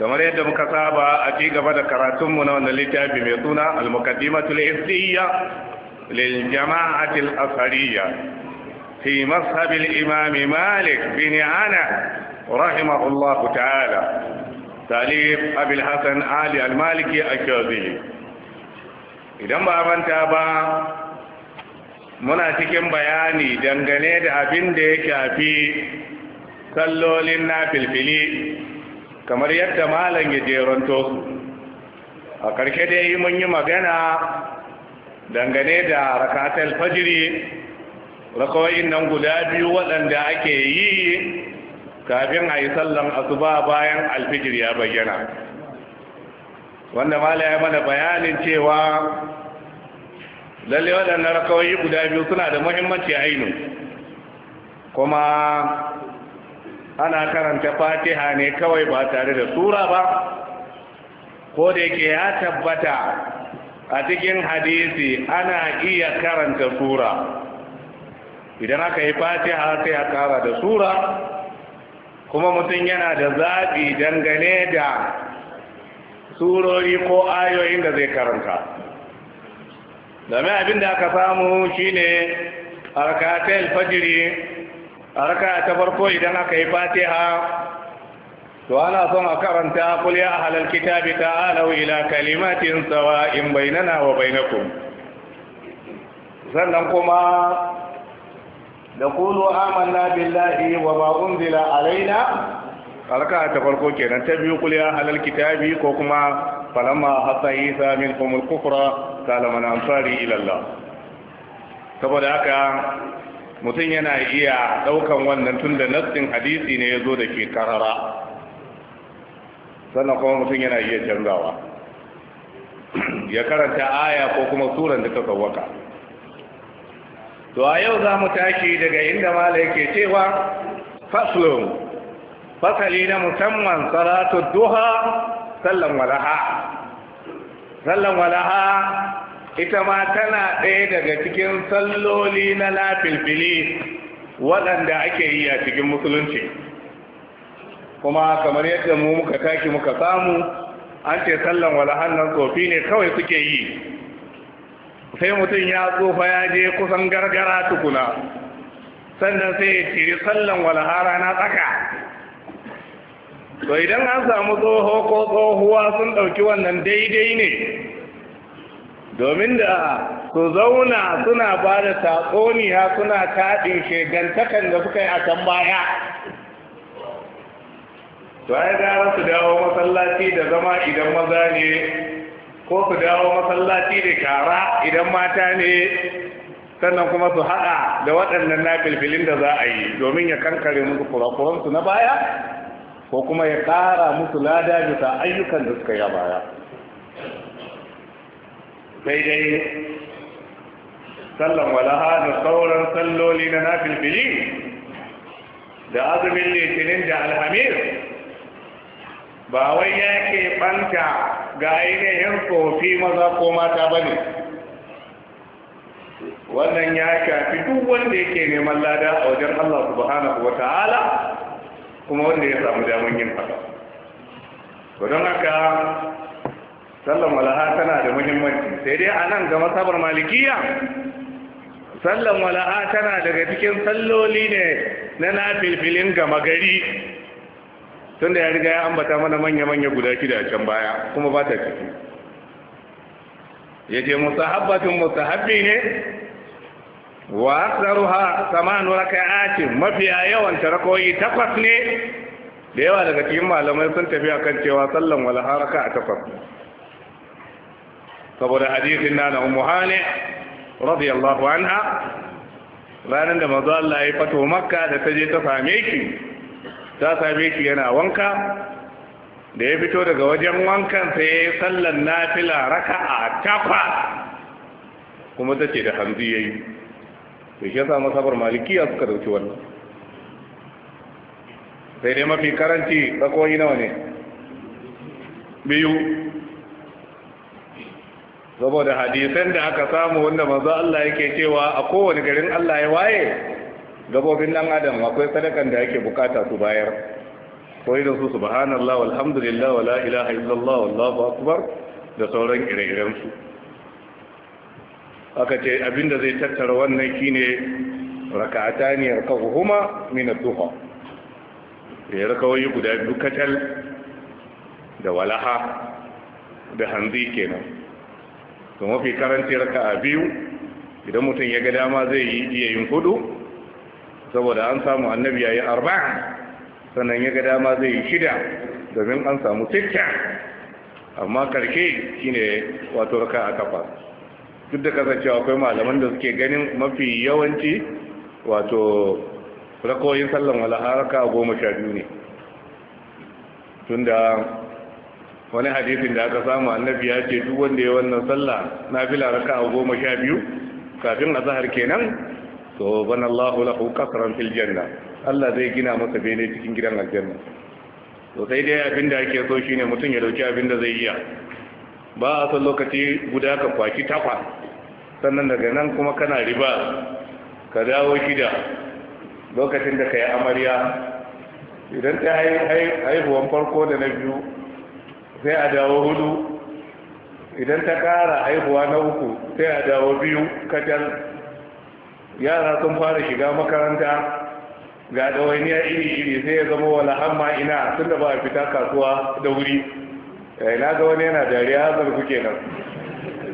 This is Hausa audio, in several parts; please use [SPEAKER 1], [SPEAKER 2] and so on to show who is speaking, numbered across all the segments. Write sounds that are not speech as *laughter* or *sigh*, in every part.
[SPEAKER 1] kamar yadda muka saba a ci gaba da karatunmu na wannan littafi mai suna al-muqaddimatul izdiyya lil jama'atil ashariyya fi mazhab al-imam malik bin ana rahimahullahu ta'ala talib abul hasan ali al-maliki al-shazili idan ba manta ba muna cikin bayani dangane da abin da ya shafi sallolin nafilfili kamar yadda malam ya jeronto su a ƙarshe dai mun yi magana dangane da rakatar fajiri rakawai nan guda biyu waɗanda ake yi kafin a yi sallan asuba bayan alfijir ya bayyana wanda mala ya mana bayanin cewa lalle waɗannan rakawai guda biyu suna da muhimmanci ainu kuma ana karanta fatiha ne kawai ba tare da sura ba ko da yake ya tabbata a cikin hadisi ana iya karanta sura idan aka yi fatiha sai a kara da sura kuma mutum yana da zaɓi dangane da surori ko ayoyin da zai karanta domin abin da aka samu shine arkatai fajiri. a raka ta farko idan aka yi fatiha to ana son a karanta kul ya ahlal kitabi ta ila kalimatin sawa'in bainana wa bainakum sannan kuma da Kulu, amanna billahi wa ma unzila alaina raka ta farko kenan ta biyu kul ya ahlal kitabi ko kuma falamma hasa isa minkum al-kufra qala man ansari saboda haka mutum yana iya daukan wannan tun da nassin hadisi ne ya zo da ke karara sannan kuma mutum yana iya canzawa ya karanta aya ko kuma suran da ta sawaka to a yau za mu tashi daga inda mala yake cewa faslun fasali na musamman salatu duha sallan walaha sallan walaha ita ma tana ɗaya daga cikin salloli na lafilfili waɗanda ake yi a cikin musulunci kuma kamar yadda mu muka tashi muka samu an ce sallan hannun tsofi ne kawai suke yi sai mutum ya tsofa ya je kusan gargara tukuna sannan sai ya ciri sallan hara na tsaka to idan an samu tsoho ko tsohuwa sun ɗauki wannan daidai ne domin da su zauna suna ba da tatsuniya suna kaɗin shegantakan da suka yi a can baya to ai gara su dawo masallaci da zama idan maza ne ko su dawo masallaci da shara idan mata ne sannan kuma su haɗa da waɗannan na filfilin da za a yi domin ya kankare musu kurakuransu na baya ko kuma ya ƙara musu lada bisa ayyukan da suka yi a baya sai dai sallan walaha da sauran salloli na nafilfili da azumin litinin da alhamis ba wai yake ke ɓanta ga ainihin tsofi maza ko mata ba ne wannan ya shafi duk wanda yake neman lada a wajen Allah subhanahu wa ta'ala kuma wanda ya samu damun yin haka. don haka sallan wala'a tana da muhimmanci sai dai a nan ga masabar malikiya sallan wala'a tana daga cikin salloli ne na nafilfilin gama gari tun da ya riga ya ambata mana manya-manya guda shida a can baya kuma ba ta ciki ya ce musahabbatin musahabbi ne wa aksaruha samanu raka'atin mafiya yawan tarakoyi takwas ne da yawa daga cikin malamai sun tafi kan cewa sallan wala'a raka a takwas ne saboda hadisin na na ummu hane radiyallahu anha ranar da manzo Allah ya fato makka da ta je ta same shi ta same shi yana wanka da ya fito daga wajen wankan sai ya yi sallan nafila raka'a tafa kuma ta ce da hanzu ya yi to shi yasa masabar malikiya suka dauki wannan sai dai mafi karanci yi nawa ne biyu saboda hadisan da aka samu wanda manzo Allah yake cewa a kowane garin Allah ya waye gabobin dan adam akwai sadakan da yake bukata su bayar koyi da su subhanallah walhamdulillah wala ilaha illallah wallahu akbar da sauran ire-iren su aka ce abinda zai tattara wannan shine raka'atani yarkahuhuma min ad-duha ya rakawoyi guda biyu da walaha da hanzi kenan to mafi karanci raka'a biyu idan mutum ya ga dama zai yi iya yin hudu saboda an samu annabi yayi arba'a sannan ya ga dama zai yi shida domin an samu sitta amma karshe shine wato raka'a kafa duk da kasancewa akwai malaman da suke ganin mafi yawanci wato rakoyin sallan wala haraka goma sha biyu ne tunda wani hadisin da aka samu annabi ya ce duk wanda ya wannan sallah na raka a goma sha biyu kafin a zahar kenan to bana Allahu lahu kasaran fil janna Allah zai gina masa bene cikin gidan aljanna to sai dai abin da ake so shine mutum ya dauki abin da zai iya ba a san lokaci guda ka kwaki takwa sannan daga nan kuma kana riba ka dawo shida lokacin da ka yi amarya idan ta haihuwan farko da na biyu sai a dawo hudu idan ta kara haihuwa na uku sai a dawo biyu kacal yara sun fara shiga makaranta ga ɗawainiya iri-iri sai ya zama wala hamma ina sun da ba a fita kasuwa da wuri eh, na ga wani yana dariya zarku kenan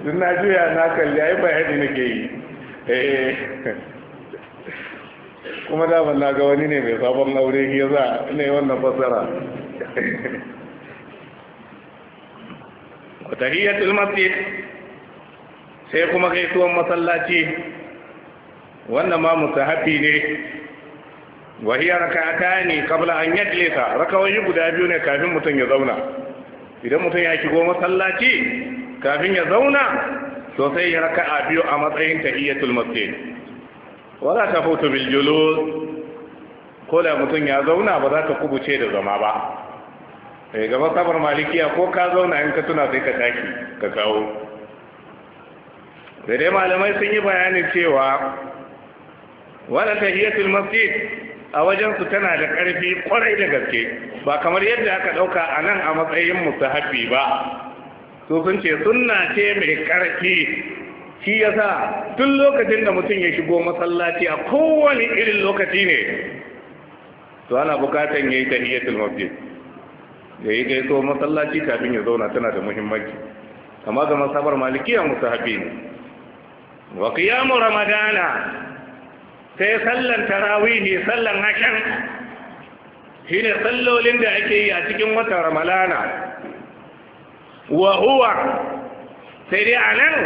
[SPEAKER 1] sun na juya na kalli ai na nake yi eh. kuma daman na ga wani ne mai sabon aure ya za ne wannan fasara *laughs* wa tahiyatul masjid sai kuma gaisuwan masallaci wannan ma musahabi ne wa hiya rak'atani qabla an yajlisa rakawai guda biyu ne kafin mutum ya zauna idan mutum ya shigo masallaci kafin ya zauna sosai sai ya raka'a biyu a matsayin tahiyatul masjid wala tafutu bil julus ko da mutum ya zauna ba za ta kubuce da zama ba eh gaba sabar malikiya ko ka zauna in ka tuna sai ka tashi ka kawo da dai malamai sun yi bayanin cewa wadda yasir masjid a wajensu tana da ƙarfi kwarai da gaske ba kamar yadda aka ɗauka a nan a matsayin musahabi ba su sun ce suna ce mai ƙarfi shi ya sa tun lokacin da mutum ya shigo masallaci a kowane irin lokaci ne to ana bukatan yayi tahiyatul masjid ya yi gaisuwar masallaci kafin ya zauna tana da muhimmanci amma ga masabar malikiya hafi ne wa kiyamu ramadana sai sallan tarawi ne sallan hakan ne sallolin da ake yi a cikin watan Ramadana. wa huwa sai dai anan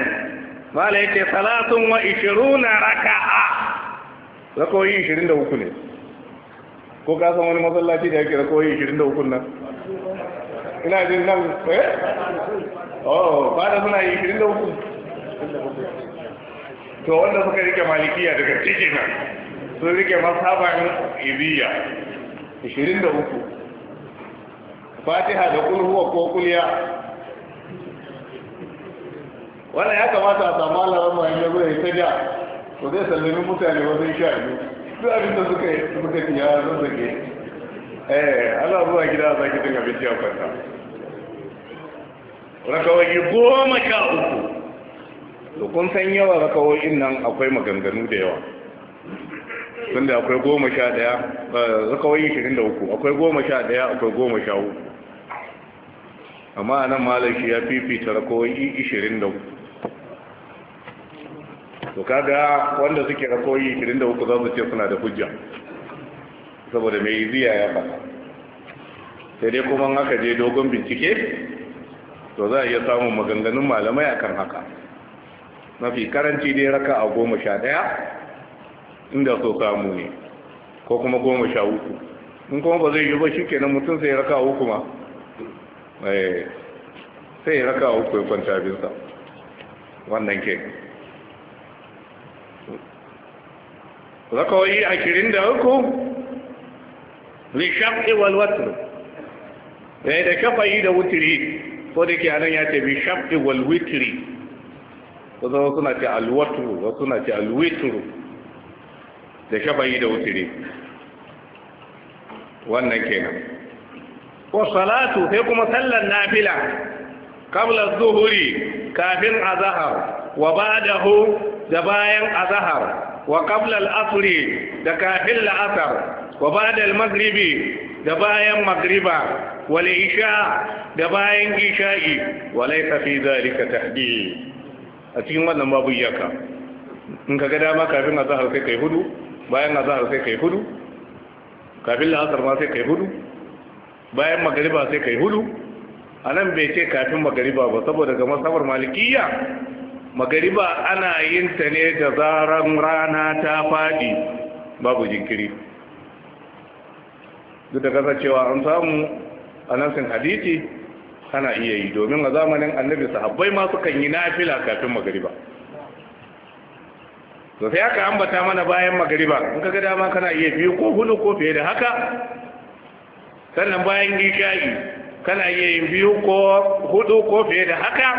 [SPEAKER 1] mala yake salatun wa 20 raka'a rakoyi 23 ne ko ka san wani masallaci da yake da koyi 23 nan
[SPEAKER 2] ina jin nan eh
[SPEAKER 1] oh ba da suna yi 23 to wanda suka rike malikiya daga cikin nan sun rike masaban ibiya 23 fatiha da huwa ko kulya wannan ya kamata a samu alarama yanzu zai ta da to zai sallami mutane wasu sha biyu duk abin da suka yi suka fiya sun zage eh ana zuwa gida a zaki cin abinci a kwanta rakawai goma sha uku to kun san yawa rakawoyin nan akwai maganganu da yawa tunda akwai goma sha daya rakawai shirin da uku akwai goma sha daya akwai goma sha uku amma a nan malaki ya fifita rakawai ishirin da uku to kaga wanda suke rakoyi 23 za su ce suna da hujja saboda mai ziya ya faɗa sai dai kuma aka je dogon bincike to za a iya samun maganganun malamai akan haka mafi karanci dai raka a goma sha ɗaya inda so samu ne ko kuma goma sha uku in kuma ba zai yi ba shi kenan mutum sai raka a uku eh, sai raka a uku ya kwanta bisa wannan ke a kirin da uku lishafi walwatar eh, da da yi da wutiri ko da ke anan ya ce bi shafi walwitiri wasu wasu na ce alwaturu wasu suna ce alwituru da yi da wutiri wannan kenan ko salatu sai kuma sallar nafila kabla zuhuri kafin azahar wa ba da bayan azahar wa qabla al-asr da kafin la'asar, wa ba'da al-maghrib da bayan maghriba wale isha da bayan isha'i wa laysa fi zalika tahdid a cikin wannan babu iyaka in ka ga dama kafin azhar sai kai hudu bayan azhar sai kai hudu kafin la'asar ma sai kai hudu bayan magariba sai kai hudu a nan bai ce kafin magariba ba saboda ga masabar malikiya magariba ana yin ta ne da zaran rana ta faɗi babu jinkiri duk da kasa cewa an samu a hadisi ana iya yi domin a zamanin annabi sahabbai ma sukan yi nafila kafin magariba to sai aka ambata mana bayan magariba in kaga dama kana iya biyu ko hudu ko fiye da haka sannan bayan gishayi kana iya yin biyu ko hudu ko fiye da haka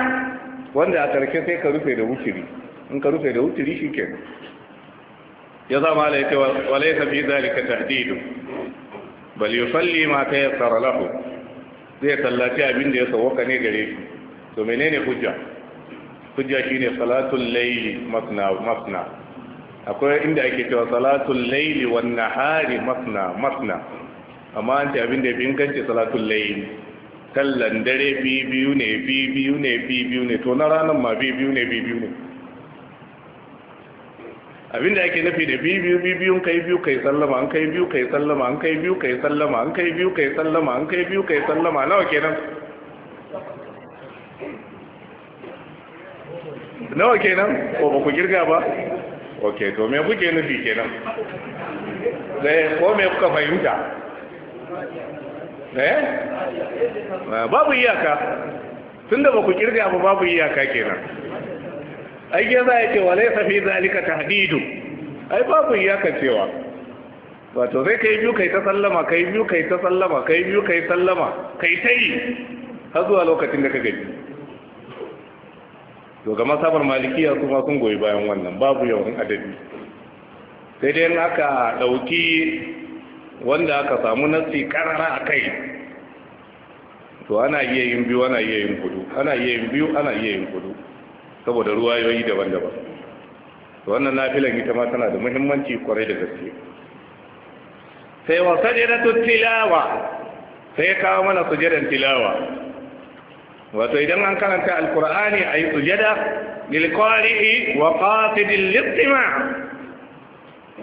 [SPEAKER 1] wanda a ƙarshe sai ka rufe da wuturi in ka rufe da wuturi shi ke ya zama da ita walai tafi zalika tahdidu bal yusalli ma ta yassara lahu zai tallafi abin da ya sauwaka ne gare shi to menene hujja hujja shi ne salatun masna masna akwai inda ake cewa Salatun Laili wannan hari masna masna amma an ce abin da ya fi inganci salatun laili tallan dare biyu ne biyu ne biyu ne to na ranar ma biyu ne biyu ne Abin da ake nufi da biyu biyu kai biyu kai sallama an kai biyu kai sallama an kai biyu kai sallama an kai biyu kai sallama an kai biyu kai sallama nawa kenan
[SPEAKER 2] nawa kenan ko ba ku girga ba
[SPEAKER 1] ok to me kuke nufi kenan
[SPEAKER 2] ko me kuka fahimta eh babu iyaka tunda ba ku kirga ba babu iyaka kenan
[SPEAKER 1] ai ke za a ce wa laysa fi zalika tahdidu ai babu iyaka cewa wato sai kai biyu kai ta sallama kai biyu kai ta sallama kai biyu kai sallama kai tai har zuwa lokacin da ka gaji to ga masabar malikiya kuma sun goyi bayan wannan babu yawan adadi sai dai aka ɗauki wanda aka samu nasi karara a kai to ana iya yin biyu ana iya yin kudu ana iya yin biyu ana iya yin kudu saboda ruwa yoyi daban-daban to wannan nafilan ita ma tana da muhimmanci kwarai da gaske sai wa sajadatu tilawa sai ya kawo mana sujadan tilawa wato idan an karanta alqur'ani ayi sujada
[SPEAKER 2] lil qari'i wa qasidil istima'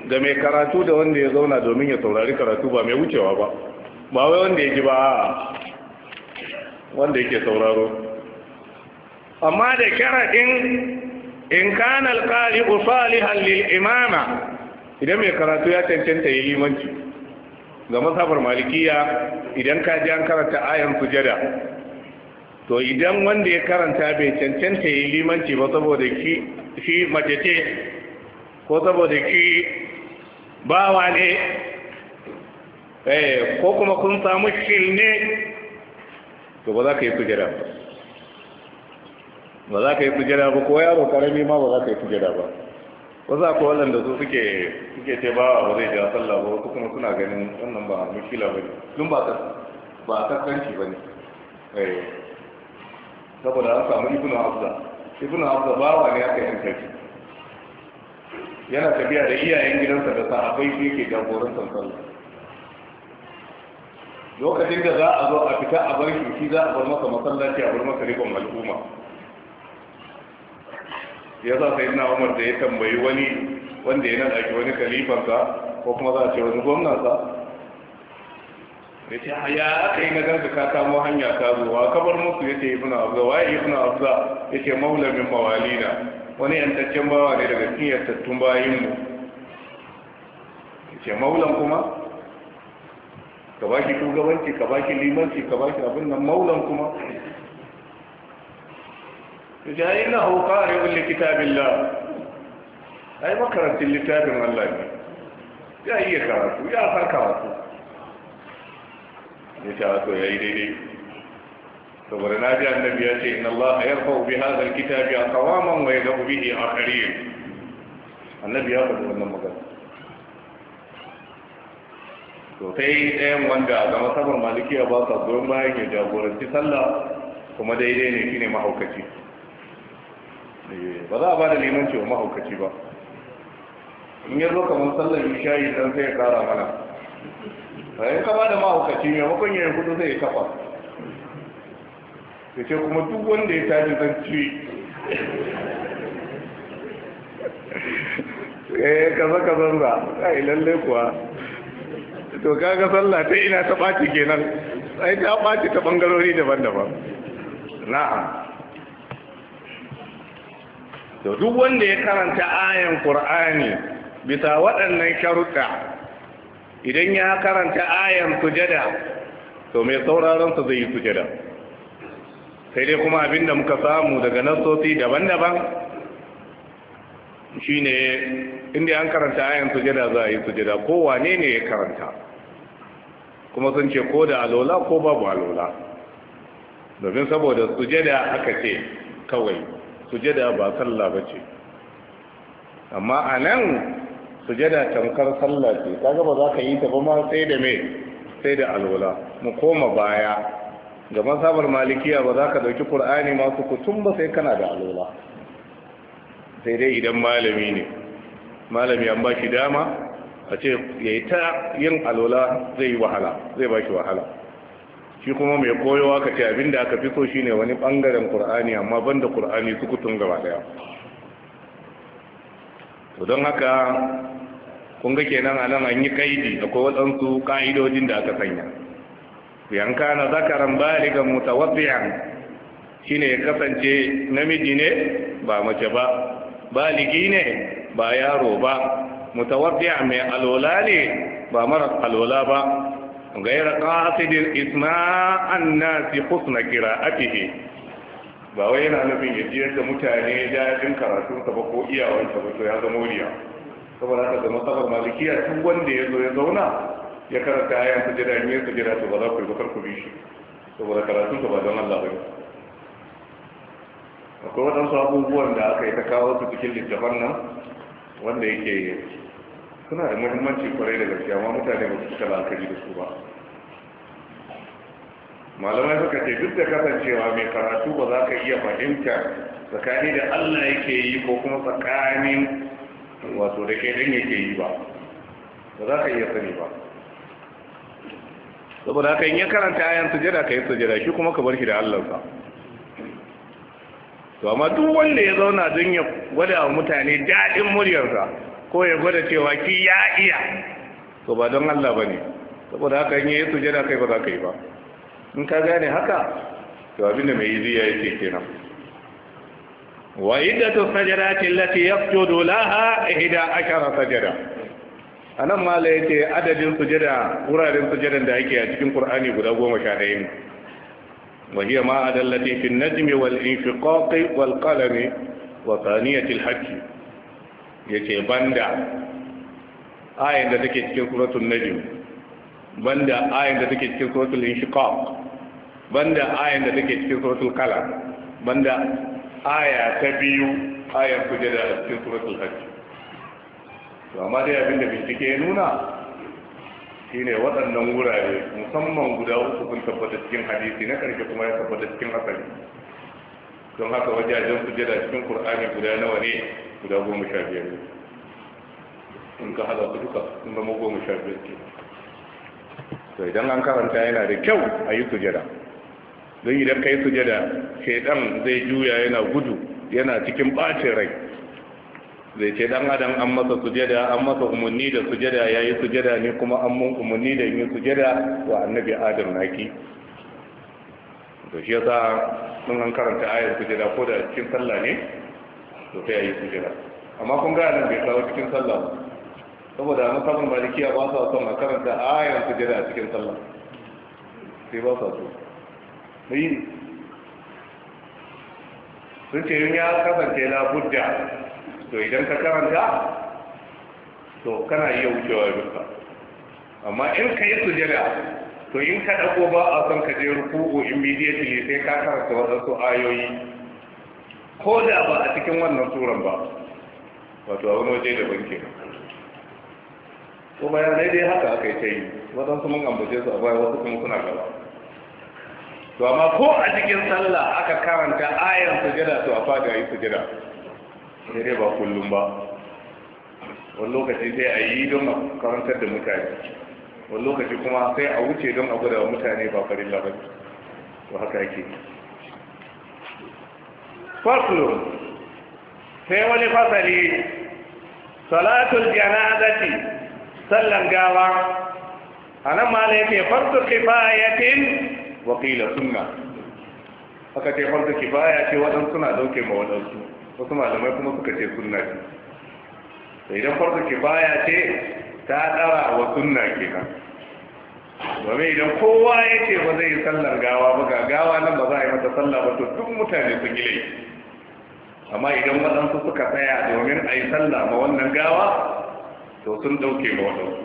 [SPEAKER 1] ga mai karatu da wanda ya zauna domin ya saurari karatu ba mai wucewa ba ba wai wanda ya ji ba wanda yake sauraro amma da karaɗin in kana alƙari usalihan lil imama idan mai karatu ya cancanta ya limanci ga masafar malikiya idan ka ji an karanta ayan sujada to idan wanda ya karanta bai cancanta ya limanci ba saboda shi mace ce ko saboda ki bawa ne eh, ko kuma kun samu shil ne to ba za ka yi kujera ba ba za ka yi kujera ba ko yaro karami ma ba za ka yi kujera ba za ku waɗanda su suke suke ce ba ba zai ja sallah ba ko kuma suna ganin wannan ba mushkila ba ne tun ba ba kaskanci ba ne eh, saboda an samu ibnu hafsa ibnu hafsa bawa ne aka yi shi yana tafiya da iyayen gidansa da sahabbai shi yake jagoran sansanin lokacin da za a zo a fita a bar shi za a bar masa masallaci a bar masa rikon al'umma ya sa sai na umar da ya tambayi wani wanda yana ake wani kalifansa ko kuma za a ce wani gwamnansa ya ce ah, ya aka yi na ganka ka kamo hanya ta zuwa kabar musu ya ce ibn abza waye suna abza ya ce maula min mawalina wani yantaccen bawa ne daga cikin yantattun bayinmu ce maulan kuma ka ba shi shugabanci ka ba shi limanci ka ba shi abin nan maulan kuma ta ce ai na hauka a yawon littafin la yi makarantun littafin allah ne ya iya karatu ya farka wasu ya ce a so ya yi daidai saboda na ji annabi ya ce inna Allah yarfa bi hadha alkitabi aqwaman wa yadhu bihi akharin annabi ya faɗi wannan magana to sai ɗayan wanda ga masabar malikiya ba sa goyon bayan ya jagoranci sallah kuma daidai ne shine mahaukaci eh, ba za a ba da limanci wa mahaukaci ba in ya zo kamar sallar isha'i dan sai ya kara mana ba eh, yin kama da mahaukaci ne, makon yayin kudu zai kafa ta ce kuma duk wanda ya tashi zan ci eh kaza kaza za ai lalle kuwa to kaga sallah ta ina ta ɓaci kenan
[SPEAKER 2] Sai ta ɓaci ta
[SPEAKER 1] ɓangarori daban-daban na'am to duk wanda ya karanta ayan qur'ani bisa waɗannan sharuɗa idan ya karanta ayan sujada to mai sauraron sa zai yi sujada sai dai kuma abinda muka samu daga nasoti daban-daban Shi ne inda an karanta ayan sujada za a yi sujada ko wane ne ya karanta kuma sun ce ko da alola ko babu alola domin saboda sujada aka ce kawai sujada ba sallah ba ce amma a nan sujada tamkar sallah ce ta gaba za ka yi ta ba ma sai da me sai da alola mu koma baya gaban sabar malikiya ba za ka dauki ƙur'ani masu kutum ba sai kana da alola sai dai idan malami ne malami an ba shi dama a ce ya yi ta yin alola zai yi wahala zai ba shi wahala shi kuma mai koyowa ka ce abin da aka fi so shine wani ɓangaren ƙur'ani amma ban da ƙur'ani su sukutun gaba ɗaya. to don haka kun ga kenan anan an yi kaidi akwai waɗansu ƙa'idojin da aka sanya yan kana zakaran baligan mutawaddi'an shine ya kasance namiji ne ba mace ba baligi ne ba yaro ba mutawaddi'an mai alola ne ba mara alola ba غير قاصد اسماء الناس حسن qira'atihi ba wai yana nufin ya jiyar da mutane dajin karatu ta ba ko iyawansa ba to ya zama wuriya saboda haka da masabar malikiya tun wanda ya zo ya zauna ya karanta yanku jira ne ya jira to ba za ku yi bakar ku bi shi saboda karatun ba don Allah bai akwai waɗansu abubuwan da aka yi ta kawo su cikin littafan nan wanda yake suna da muhimmanci kwarai da gaske amma mutane ba su cika la'akari da su ba malamai suka ce duk da kasancewa mai karatu ba za ka iya fahimta tsakani da Allah yake yi ko kuma tsakanin wato da ke yake yi ba ba za ka iya sani ba saboda haka in ya karanta ayan sujada yi sujada shi kuma ka bar shi da Allah sa to amma duk wanda ya zauna don ya gwada wa mutane daɗin muryarsa ko ya gwada cewa ki ya iya to ba don Allah bane saboda haka in yi sujada kai ba za ka yi ba in ka gane haka to abinda mai izi ya yake kenan wa iddatu sajadati allati yaqtudu laha 11 sajada a nan mala ya ce adadin sujada wuraren sujadan da ake a cikin ƙur'ani guda goma sha ɗaya ne وهي ما أدلت في النجم wa والقلم وثانية الحج yace banda ayin da take cikin suratul najm banda ayin da take cikin suratul inshiqaq banda ayin da take cikin suratul qalam banda aya ta biyu ayar kujada cikin suratul hajj to amma dai abinda bincike ya nuna shine waɗannan wurare musamman guda uku sun tabbata cikin hadisi na ƙarshe kuma ya tabbata cikin asali don haka wajajen sujada cikin ƙur'ani guda nawa ne guda goma sha biyar ne in ka haɗa su duka sun zama goma sha biyar ke to idan an karanta yana da kyau a yi sujada don idan ka yi sujada shaidan zai juya yana gudu yana cikin ɓacin rai zai ce dan adam an masa sujada an masa umarni da sujada yayi sujada ne kuma an mun umarni da yin sujada wa annabi adam naki to shi yasa mun an karanta ayar sujada ko da cikin sallah ne to sai ayi sujada amma kun ga nan bai kawo cikin sallah saboda maliki ya ba sa son a karanta ayar sujada a cikin sallah sai ba sa so sun ce ya kasance labudda to idan ka karanta to kana iya wucewa rufa amma in ka yi sujada to in ka ɗago ba a son ka je ruku'u immediately sai ka karanta waɗansu ayoyi ko da ba a cikin wannan suran ba wato a wani waje da banki ko bayan dai dai haka aka yi ta yi waɗansu mun ambace su a baya wasu kuma suna gaba to amma ko a cikin sallah aka karanta ayan sujada to a fada yi sujada sai dai ba kullum ba wani lokaci sai a yi don a karantar da mutane wani lokaci kuma sai a wuce don a gwada mutane ba farin labar to haka yake farko sai wani fasali salatul janazati sallan gawa a nan ma ne ke farko kifayatin wakila sunna haka ce farko kifaya ce waɗansu na ɗauke ma waɗansu wasu malamai kuma suka ce sunna ce idan farko baya ce ta
[SPEAKER 2] tsara
[SPEAKER 1] wa sunna nan
[SPEAKER 2] domin idan kowa ya ce
[SPEAKER 1] ba zai yi sallar gawa ba ga gawa nan ba za a yi mata sallah ba to duk mutane sun yi laifi amma idan waɗansu suka tsaya domin a yi sallah ma wannan gawa to sun ɗauke ma waɗansu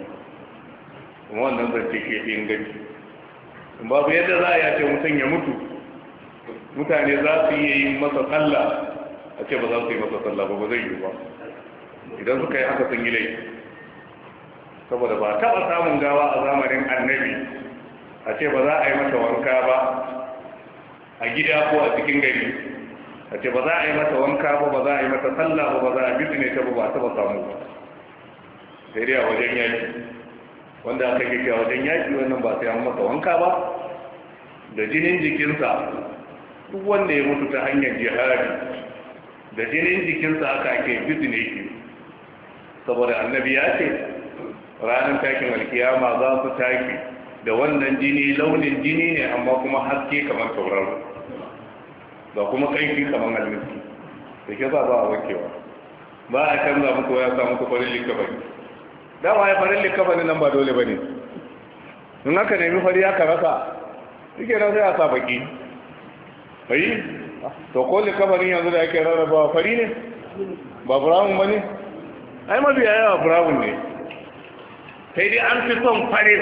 [SPEAKER 1] kuma wannan zai ce ke inganci babu yadda za a yace mutum ya mutu mutane za su iya yin masa sallah a ce ba za su yi masa sallah ba ba zai yi ba idan suka yi haka sun yi laifi saboda ba taɓa samun gawa a zamanin annabi a ce ba za a yi mata wanka ba a gida ko a cikin gari a ce ba za a yi mata wanka ba ba za a yi mata sallah ba ba za a ne ta ba ba taɓa samu ba sai dai a wajen yaki wanda aka yi a wajen yaki wannan ba sai an masa wanka ba da jinin jikinsa duk wanda ya mutu ta hanyar jihadi da jinin jikinsa aka ake bizne shi saboda annabi ya ce ranar takin alkiyama za su taki da wannan jini launin jini ne amma kuma haske kamar tauraro da kuma kaifi kamar almisi da ke za ba a wakewa ba a canza muku ya samu muku farin ne dama ya farin ne nan ba dole ba ne in aka nemi fari aka rasa suke nan sai a sa baki to ko likafarin yanzu da ake rarrabawa fari ne ba brown ba ne ai mafi yaya yawa brown ne sai dai an fi son fari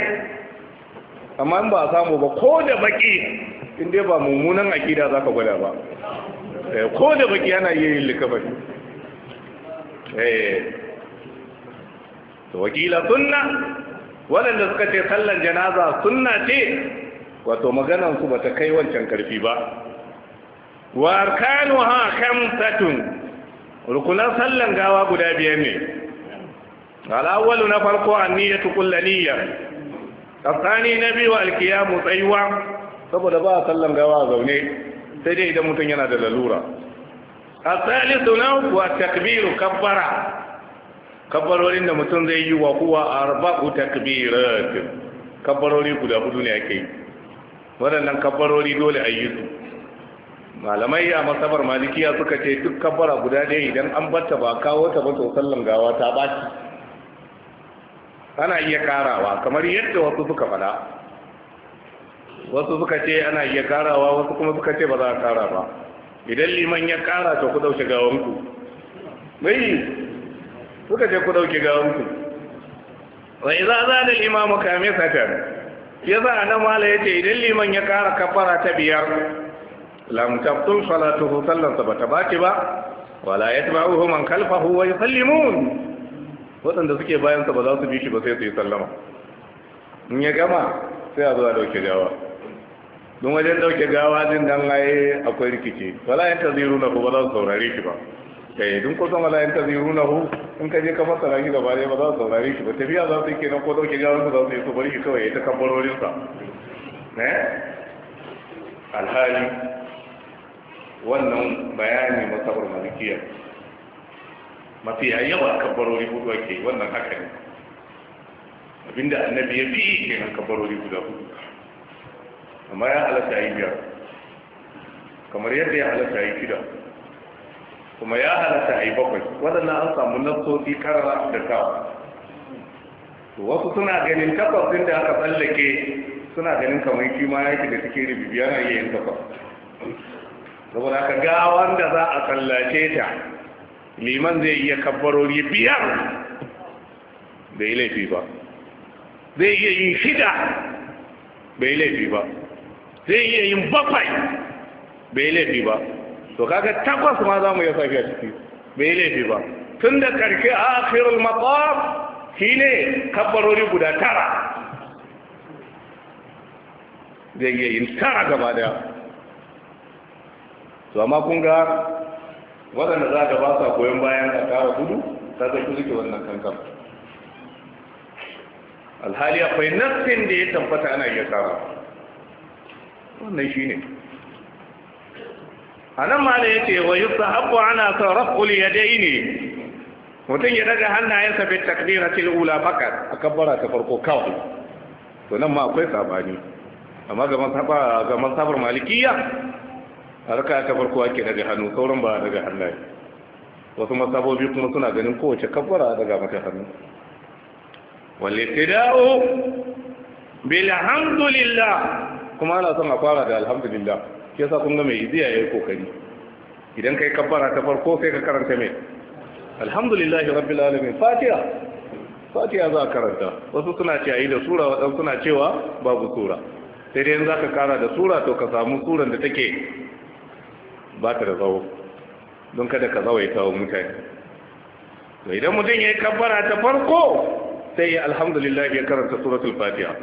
[SPEAKER 1] amma in ba a samu ba ko da baki in dai ba mummunan akida za ka gwada ba
[SPEAKER 2] eh, ko da baki
[SPEAKER 1] yana iya yin likafari eh. to wakila sunna waɗanda suka ce sallan janaza sunna ce wato maganansu ba ta kai wancan karfi ba wa ha khamsatun rukunan sallan gawa guda biyar ne al na farko anniyatu kullaniyya tsani na biyu al-qiyamu tsayuwa saboda ba sallan gawa zaune sai dai idan mutum yana da lalura asalisu na wa takbiru kabbara kabbarorin da mutum zai yi wa kuwa arba'u takbirat kabbarori guda hudu ne ake yi waɗannan kabbarori dole ayyuka malamai a masabar malikiya suka ce duk kabbara guda ɗaya idan an batta ba kawo ta ba sallan gawa ta baki ana iya karawa kamar yadda wasu suka faɗa wasu suka ce ana iya karawa wasu kuma suka ce ba za a kara ba idan liman ya kara to ku ɗauke gawanku mai suka ce ku ɗauke gawanku wa iza zalil imamu kamisatan ya za a nan mala ya ce idan liman ya kara kabbara ta biyar lam tabtul salatuhu sallansa ba bace ba wala yatba'uhu man khalfahu wa yusallimun da suke bayan sa ba za su bi shi ba sai su yi sallama in ya gama sai a zo a dauke gawa don wajen dauke gawa din dan laye akwai rikici wala yantaziruna ko ba za su saurare shi ba kai dun ko san wala yantaziruna ko
[SPEAKER 2] in ka je ka fassara shi gaba ne ba za su saurare shi ba tafiya za su yi kenan ko dauke gawa za su yi su bari shi kawai ta kabbarorin
[SPEAKER 1] sa ne alhali wannan bayani masabar malikiya mafi yawa kabbarori hudu ake wannan haka ne abinda annabi ya fi kenan kabbarori guda hudu amma ya halatta yi biyar kamar yadda ya halatta yi shida kuma ya halatta a yi bakwai waɗannan an samu nassofi karara da kawo wasu suna ganin takwas da aka tsallake suna ganin kamar shi ma yake da suke ribibiya na iya yin takwas saboda ka ga wanda za a sallace ta liman zai iya kabbarori biyar bai laifi ba zai iya yin shida bai laifi ba zai iya yin bakwai bai laifi ba to kaga takwas ma za mu yi safi a ciki bai laifi ba tun da karke a akhirul maqam shine kabbarori guda tara zai iya yin tara gaba daya to amma kun ga waɗanda za ka ba sa koyon bayan a ƙara gudu ta zai ku suke wannan kankan alhali akwai nassin da ya tabbata ana iya ƙara wannan shi ne a nan ma da ya ce wa yi sahabu ana son ya dai ne mutum ya daga hannayensa bai takdira ce ula baka a kabbara ta farko kawai to nan ma akwai sabani amma ga masabar malikiya a raka ta farko ake daga hannu sauran ba daga hannaye wasu masabobi kuma suna ganin kowace kabbara daga mata hannu walle tida'u bil hamdulillah kuma ana son a fara da alhamdulillah Ke sa kun ga mai iziya yayi kokari idan kai kabbara ta farko sai ka karanta mai alhamdulillah rabbi alamin fatiha fatiha za a karanta wasu suna cewa yi da sura waɗansu suna cewa babu sura sai dai za ka kara da sura to ka samu suran da take ba ta da zawo, don kada ka tsawaita wa mutane to idan mutum ya yi kabbara ta farko sai ya alhamdulillah ya karanta suratul fatiha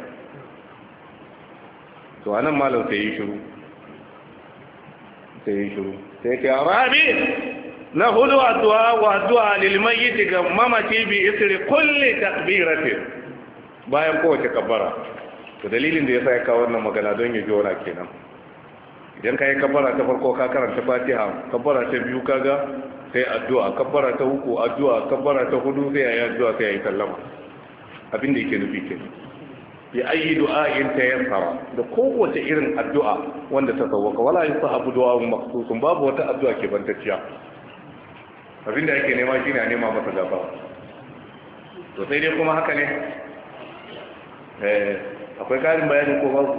[SPEAKER 1] to anan malam sai ya yi shiru sai ya yi shiru sai ke rabi na hudu addu'a wa addu'a lil mayyit ga mamaci bi isri kulli takbiratin bayan kowace kabbara to dalilin da yasa ya kawo wannan magana don ya ji kenan idan ka yi kabbara ta farko ka karanta fatiha kabbara ta biyu kaga sai addu'a kabbara ta uku addu'a kabbara ta hudu sai ayi addu'a sai ayi sallama abin da yake nufi ke ya ayi yi tayassara da kowace irin addu'a wanda ta sauwaka wala du'a du'a'un maksusun babu wata addu'a ke bantacciya abin da ake nema shi ne a nema masa gaba. to sai dai kuma haka ne eh, akwai karin bayani ko babu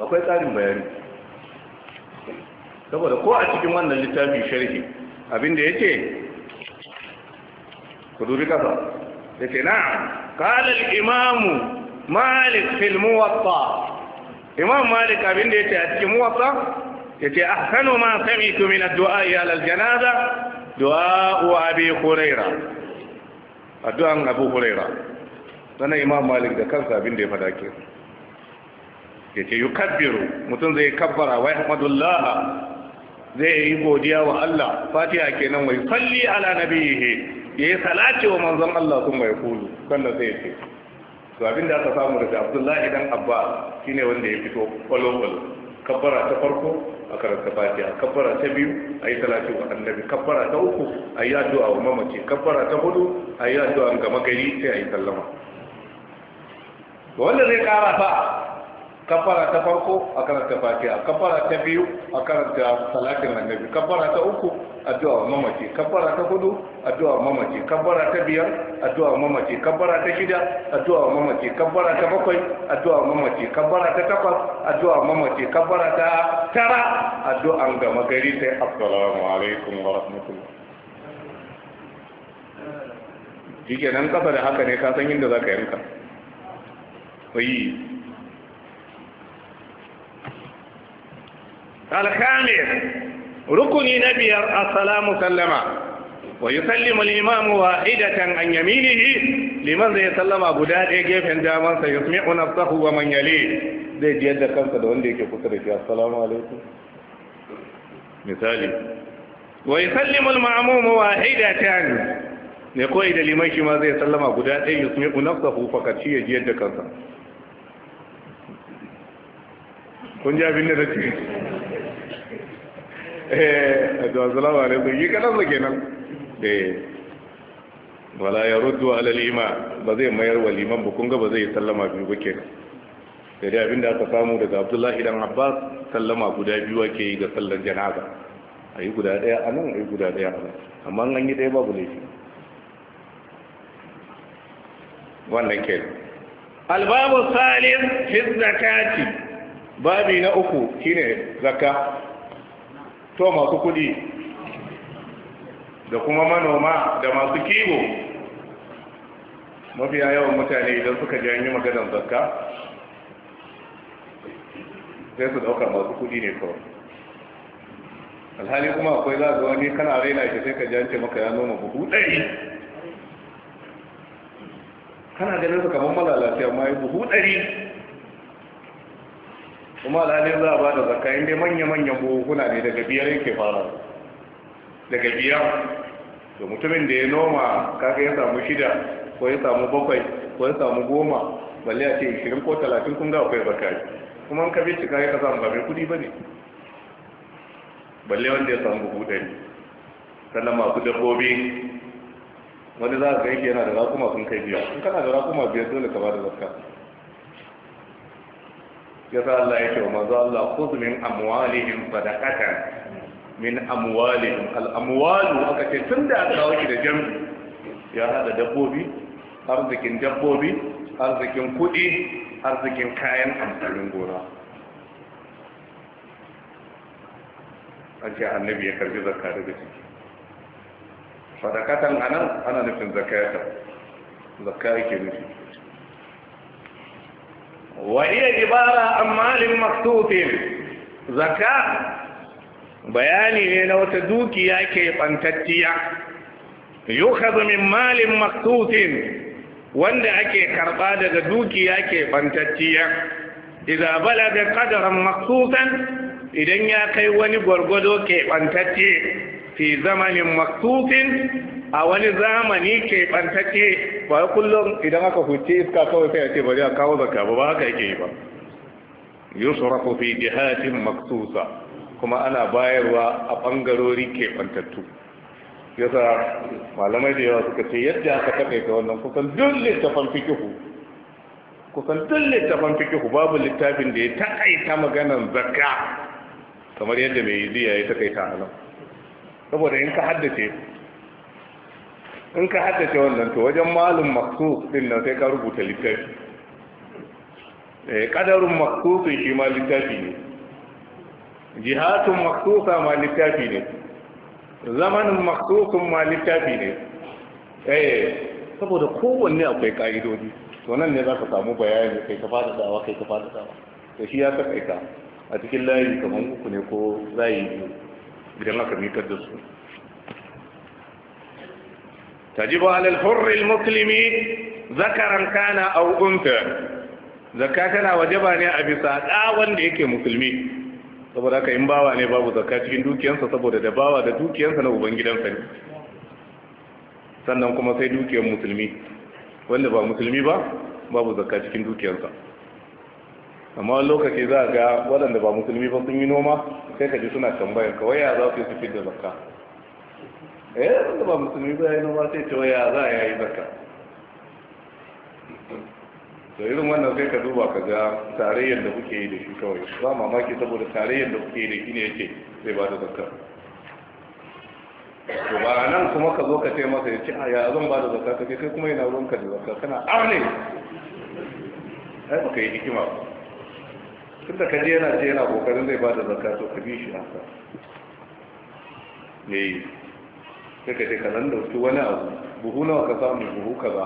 [SPEAKER 1] akwai karin bayani saboda ko a cikin wannan littafin sharhi abinda ya ce ku dubi kasa ya ce na kalal imam malik fil muwatta imam malik abinda ya ce a cikin muwatta ya ce ahsanu ma samitu min addu'a ya lal janaza du'a wa abi huraira addu'an abu huraira sanan imam malik da kansa abinda ya fada ke ya ce yukabbiru mutum zai kabbara wa yahmadullaha zai yi godiya wa Allah fatiha kenan mai salli ala ya yi salati wa manzon Allah sun mai kulu sannan zai ce to abin da aka samu daga Abdullahi idan Abba shine wanda ya fito kwalo kwalo kabbara ta farko a karanta fatiha kabbara ta biyu a yi salati wa annabi kabbara ta uku a yi addu'a wa mamaci kabbara ta hudu yi addu'a ga magari sai a yi sallama wanda zai kara fa kafara ta farko a karanta fatiha kafara ta biyu a karanta salatin annabi kafara ta uku addu'a mamaci kafara ta hudu addu'a mamaci kafara ta biyar addu'a mamaci kafara ta shida addu'a mamaci kafara ta bakwai addu'a mamaci kafara ta takwas addu'a mamaci kafara ta tara addu'an gama gari sai assalamu alaikum wa rahmatullah shi kenan kafa da haka ne ka san inda zaka yanka yi الخامس ركن نبي biyar سلم ويسلم الإمام واحدة عن يمينه لمن يسلم غدا جيف دامن سيسمع نفسه ومن يليه zai ji yadda kansa da wanda yake kusa da shi assalamu alaikum misali wa yusallimu al-ma'mum wahidatan ne koyi da liman ma zai sallama guda ɗaya yusmi'u nafsahu shi ya ji yadda kansa kun da
[SPEAKER 2] Eh, assalamu alaikum yi kadan
[SPEAKER 1] sa kenan eh wala ya rudu ala lima ba zai mayar wa liman ba kun ga ba zai sallama biyu ba ke Dari dai abinda aka samu daga Abdullahi dan Abbas sallama guda biyu ake yi ga sallar janaza ayi guda daya a ayi guda daya nan. amma an yi daya babu laifi wannan ke albabu salim fi zakati babi na uku shine zakka to masu kudi da kuma manoma da masu kiwo mafiya yawan mutane idan suka ji yi maganar zarka sai su dauka masu kudi ne kawai alhali kuma akwai za zuwa ne kana raina shi sai ka jance maka ya noma buhu ɗari kana ganin su kamar malalaci amma ya buhu ɗari kuma al'adu za a ba da zakka inda manya-manyan buhuna ne daga biyar yake fara daga biyar da mutumin da ya noma kaga ya samu shida ko ya samu bakwai ko ya samu goma balle a ce ishirin ko talatin kun ga akwai yi kuma an kabe cika ya kasa ba mai kudi ba ne balle wanda ya samu buhu ɗari sannan masu dabbobi wani za a ga yake yana da rakuma sun kai biyar in kana da rakuma biyar dole ka ba da zakka yasa Allah ya ce wa manzo Allah khudh min amwalihim sadaqatan min amwalihim al amwalu aka ce tunda aka kawo shi da jami ya hada dabbobi arzikin dabbobi arzikin kuɗi arzikin kayan amfanin gona an ce annabi ya karbi zakka daga ciki sadakatan anan ana nufin zakata zakka yake nufi وهي عبارة عن مال مكتوف زكاة بياني لو تدوكي يا كيف yukhadhu min malin maqtutin wanda ake karba daga dukiya ke bantacciya idan balaga kadaran maqtutan idan ya kai wani gwargwado ke bantacce fi zamanin maqtutin a wani zamani ke bantacce ba kullum idan aka huce iska kawai sai a bari a kawo zakka ba ba haka yake yi ba yusrafu fi jihatin maktusa kuma ana bayarwa a bangarori ke bantattu yasa malamai da yawa suka ce yadda aka kaɗai ga wannan kusan duk littafin fikihu kusan duk fikihu babu littafin da ya takaita maganar zakka kamar yadda mai yi ya yi takaita a saboda in ka haddace in ka haddace wannan to wajen malum maksus din nan sai ka rubuta littafi eh kadarun maksus shi ma littafi ne jihatun maksusa ma littafi ne zamanin maksusun ma littafi ne eh saboda kowanne akwai ka'idodi to nan ne za ka samu bayani kai ka fada dawa kai ka fada dawa to shi ya ka a cikin layi kamar uku ne ko zai yi idan aka mitar da su تجب على الحر المسلم ذكرا كان او انثى zakka tana wajaba ne a bisa da wanda yake musulmi saboda haka in bawa ne babu zakka cikin dukiyarsa saboda da bawa da dukiyarsa na ubangidansa ne sannan kuma sai dukiyar musulmi wanda ba musulmi ba babu zakka cikin dukiyarsa amma wani lokaci za a ga waɗanda ba musulmi ba sun yi noma sai ka ji suna tambayar kawai ya za su yi su fi da zakka eh wanda ba musulmi ba ya noma sai cewa ya za ya yi zaka to irin wannan sai ka duba ka ga tarayyar da kuke yi da shi kawai ba mamaki saboda tarayyar da kuke yi da shi ne yake zai ba da zakar
[SPEAKER 2] to ba nan kuma ka zo
[SPEAKER 1] ka ce masa ya ce a ya zan ba da zakar ka ce kai kuma yana ruwan ruwanka da zakar kana arne ai baka yi hikima ba tun da kaje yana ce yana kokarin zai ba da zakar to ka bi shi haka yayi eh. sai ka ce ka zan dauki wani abu buhu nawa ka samu buhu kaza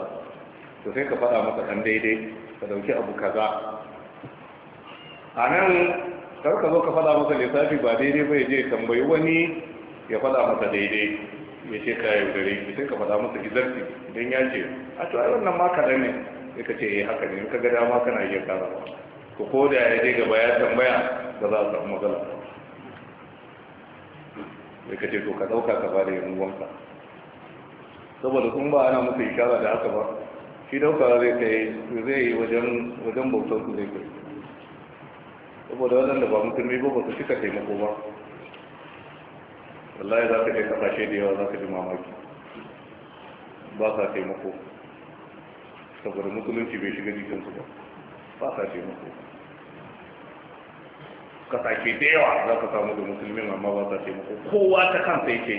[SPEAKER 1] to sai ka faɗa masa ɗan daidai ka dauki abu kaza a nan kar ka zo ka faɗa masa lissafi ba daidai ba ya je tambayi wani ya faɗa masa daidai ya ce ka yi gari sai ka faɗa masa izarci idan ya ce a to ai wannan ma kaɗan ne sai ka ce eh haka ne in ka ga dama kana iya karawa ko ko da ya je gaba ya tambaya ba za a samu matsala da ka ce to ka ɗauka ka ba da yan
[SPEAKER 2] saboda kun ba ana musu ishara da haka ba
[SPEAKER 1] shi ɗauka zai kai zai yi wajen wajen bautar su zai kai saboda waɗanda ba mutum ba ba su cika taimako ba wallahi za ka je fashe da yawa za ka ji mamaki ba sa taimako saboda musulunci bai shiga jikinsu ba ba sa taimako Kasa ke da yawa za ka samu da musulmin amma ba ce taimako kowa ta kansa yake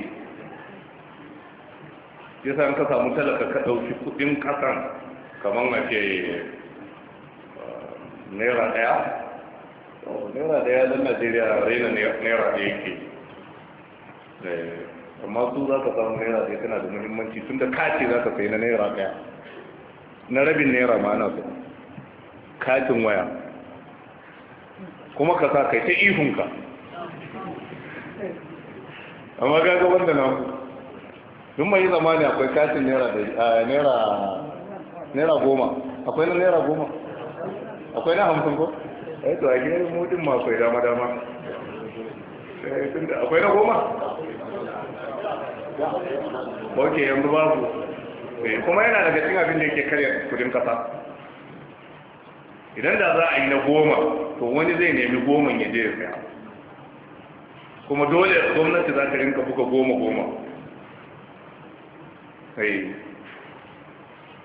[SPEAKER 1] yi ya sa ka samu talaka ka ɗauki kuɗin kasan kamar na ce eh, naira ɗaya naira ɗaya don najeriya raina naira da yake eh, amma su za ka samu naira ɗaya tana da muhimmanci tun da kati za ka sayi na naira ɗaya na rabin naira ma na katin waya kuma ka sa kai ta ihunka amma gaga wanda na sun mai zamani akwai katin naira goma akwai na naira goma akwai na hamsin ko? ya eh, to a gidan mutum ma akwai dama-dama eh, akwai na goma?
[SPEAKER 2] ok yanzu babu
[SPEAKER 1] eh, kuma yana daga cin abin da yake karya kudin kasa idan da za a yi na goma to wani zai nemi goma ya je ya kuma dole a gwamnati za ta rinka buga goma goma sai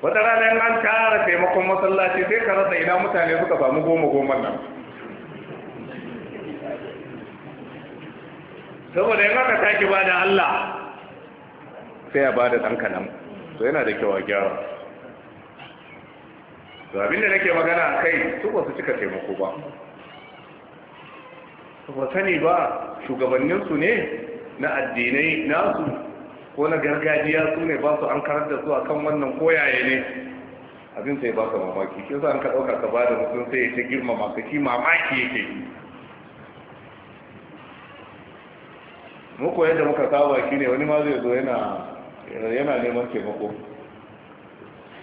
[SPEAKER 1] wata ranar an tara taimakon masallaci sai ka rasa idan mutane suka samu goma goma nan saboda yin aka ba da Allah sai ya ba da ɗan kanan to yana da kyau a gyara to abinda nake magana a kai su ba su cika taimako ba ba sani ba shugabanninsu ne na addinai nasu ko na gargajiya su ne ba su an karar da su a kan wannan koyaye ne abin sai ba su mamaki ke sa an ka ɗauka ka ba da mutum sai ya ta girmama masu shi mamaki yake yi mu koyar da muka saba shi ne wani ma zai zo yana neman taimako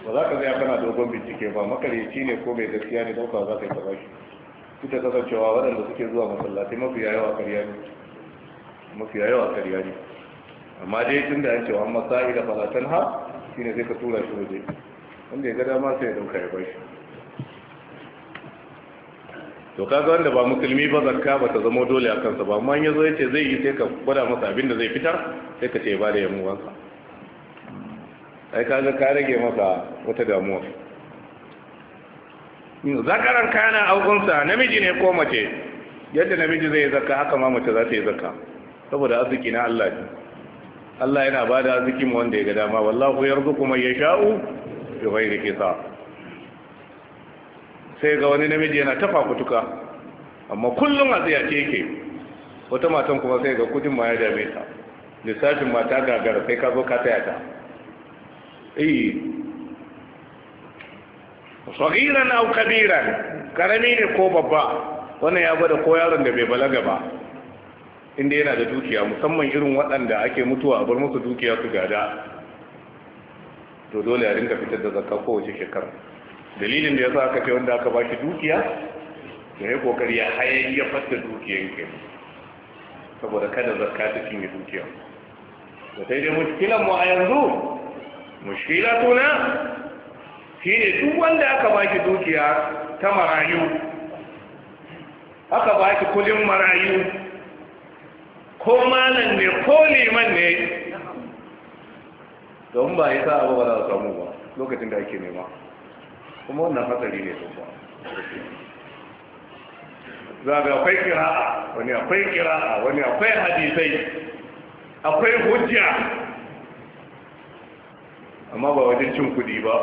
[SPEAKER 1] ba za ka zaya kana dogon bincike ba makaryaci ne ko mai gaskiya ne dauka za ka yi taba shi ita kasancewa waɗanda suke zuwa masallaci mafi yawa karya ne yawa karya ne amma dai tun da an cewa masa'i da falatan ha shine zai ka tura shi waje wanda ya ga dama sai ya dauka ya shi. to kaga wanda ba musulmi ba zakka ba ta zama dole a kansa ba amma in ya ce zai yi sai ka gwada masa abin da zai fitar sai ka ce ba da yamuwansa ai ka ka rage masa wata damuwa zakaran kana aukunsa namiji ne ko mace yadda namiji zai zakka haka ma mace za ta yi zakka saboda arziki na Allah ne Allah yana ba da arziki mu wanda ya ga dama wallahu yarzuqu man yasha'u bi ghairi hisab sai ga wani namiji yana tafa kutuka amma kullum a ce yake wata matan kuma sai ga kudin ma ya dame ta lissafin mata gagara sai ka zo ka tayata ta eh sagiran aw kabiran karami ne ko babba wannan ya gwada ko yaron da bai balaga ba inda yana da dukiya musamman irin waɗanda ake mutuwa a bar musu dukiya su gada to dole a rinka fitar da zakka kowace shekara dalilin da ya sa aka ce wanda aka ba shi dukiya da ya kokari ya hayayyafar da dukiyan ke saboda kada zakka ta cinye dukiya da sai dai muskilan mu a yanzu shi ne duk wanda aka baki dukiya ta marayu aka baki kulin marayu ko nan ne ko liman ne don ba ya sa abu da samu ba lokacin da ake nema kuma wannan hatsari ne sun ba za akwai kira'a wani akwai kira'a wani akwai hadisai akwai hujja amma ba wajen cin kudi ba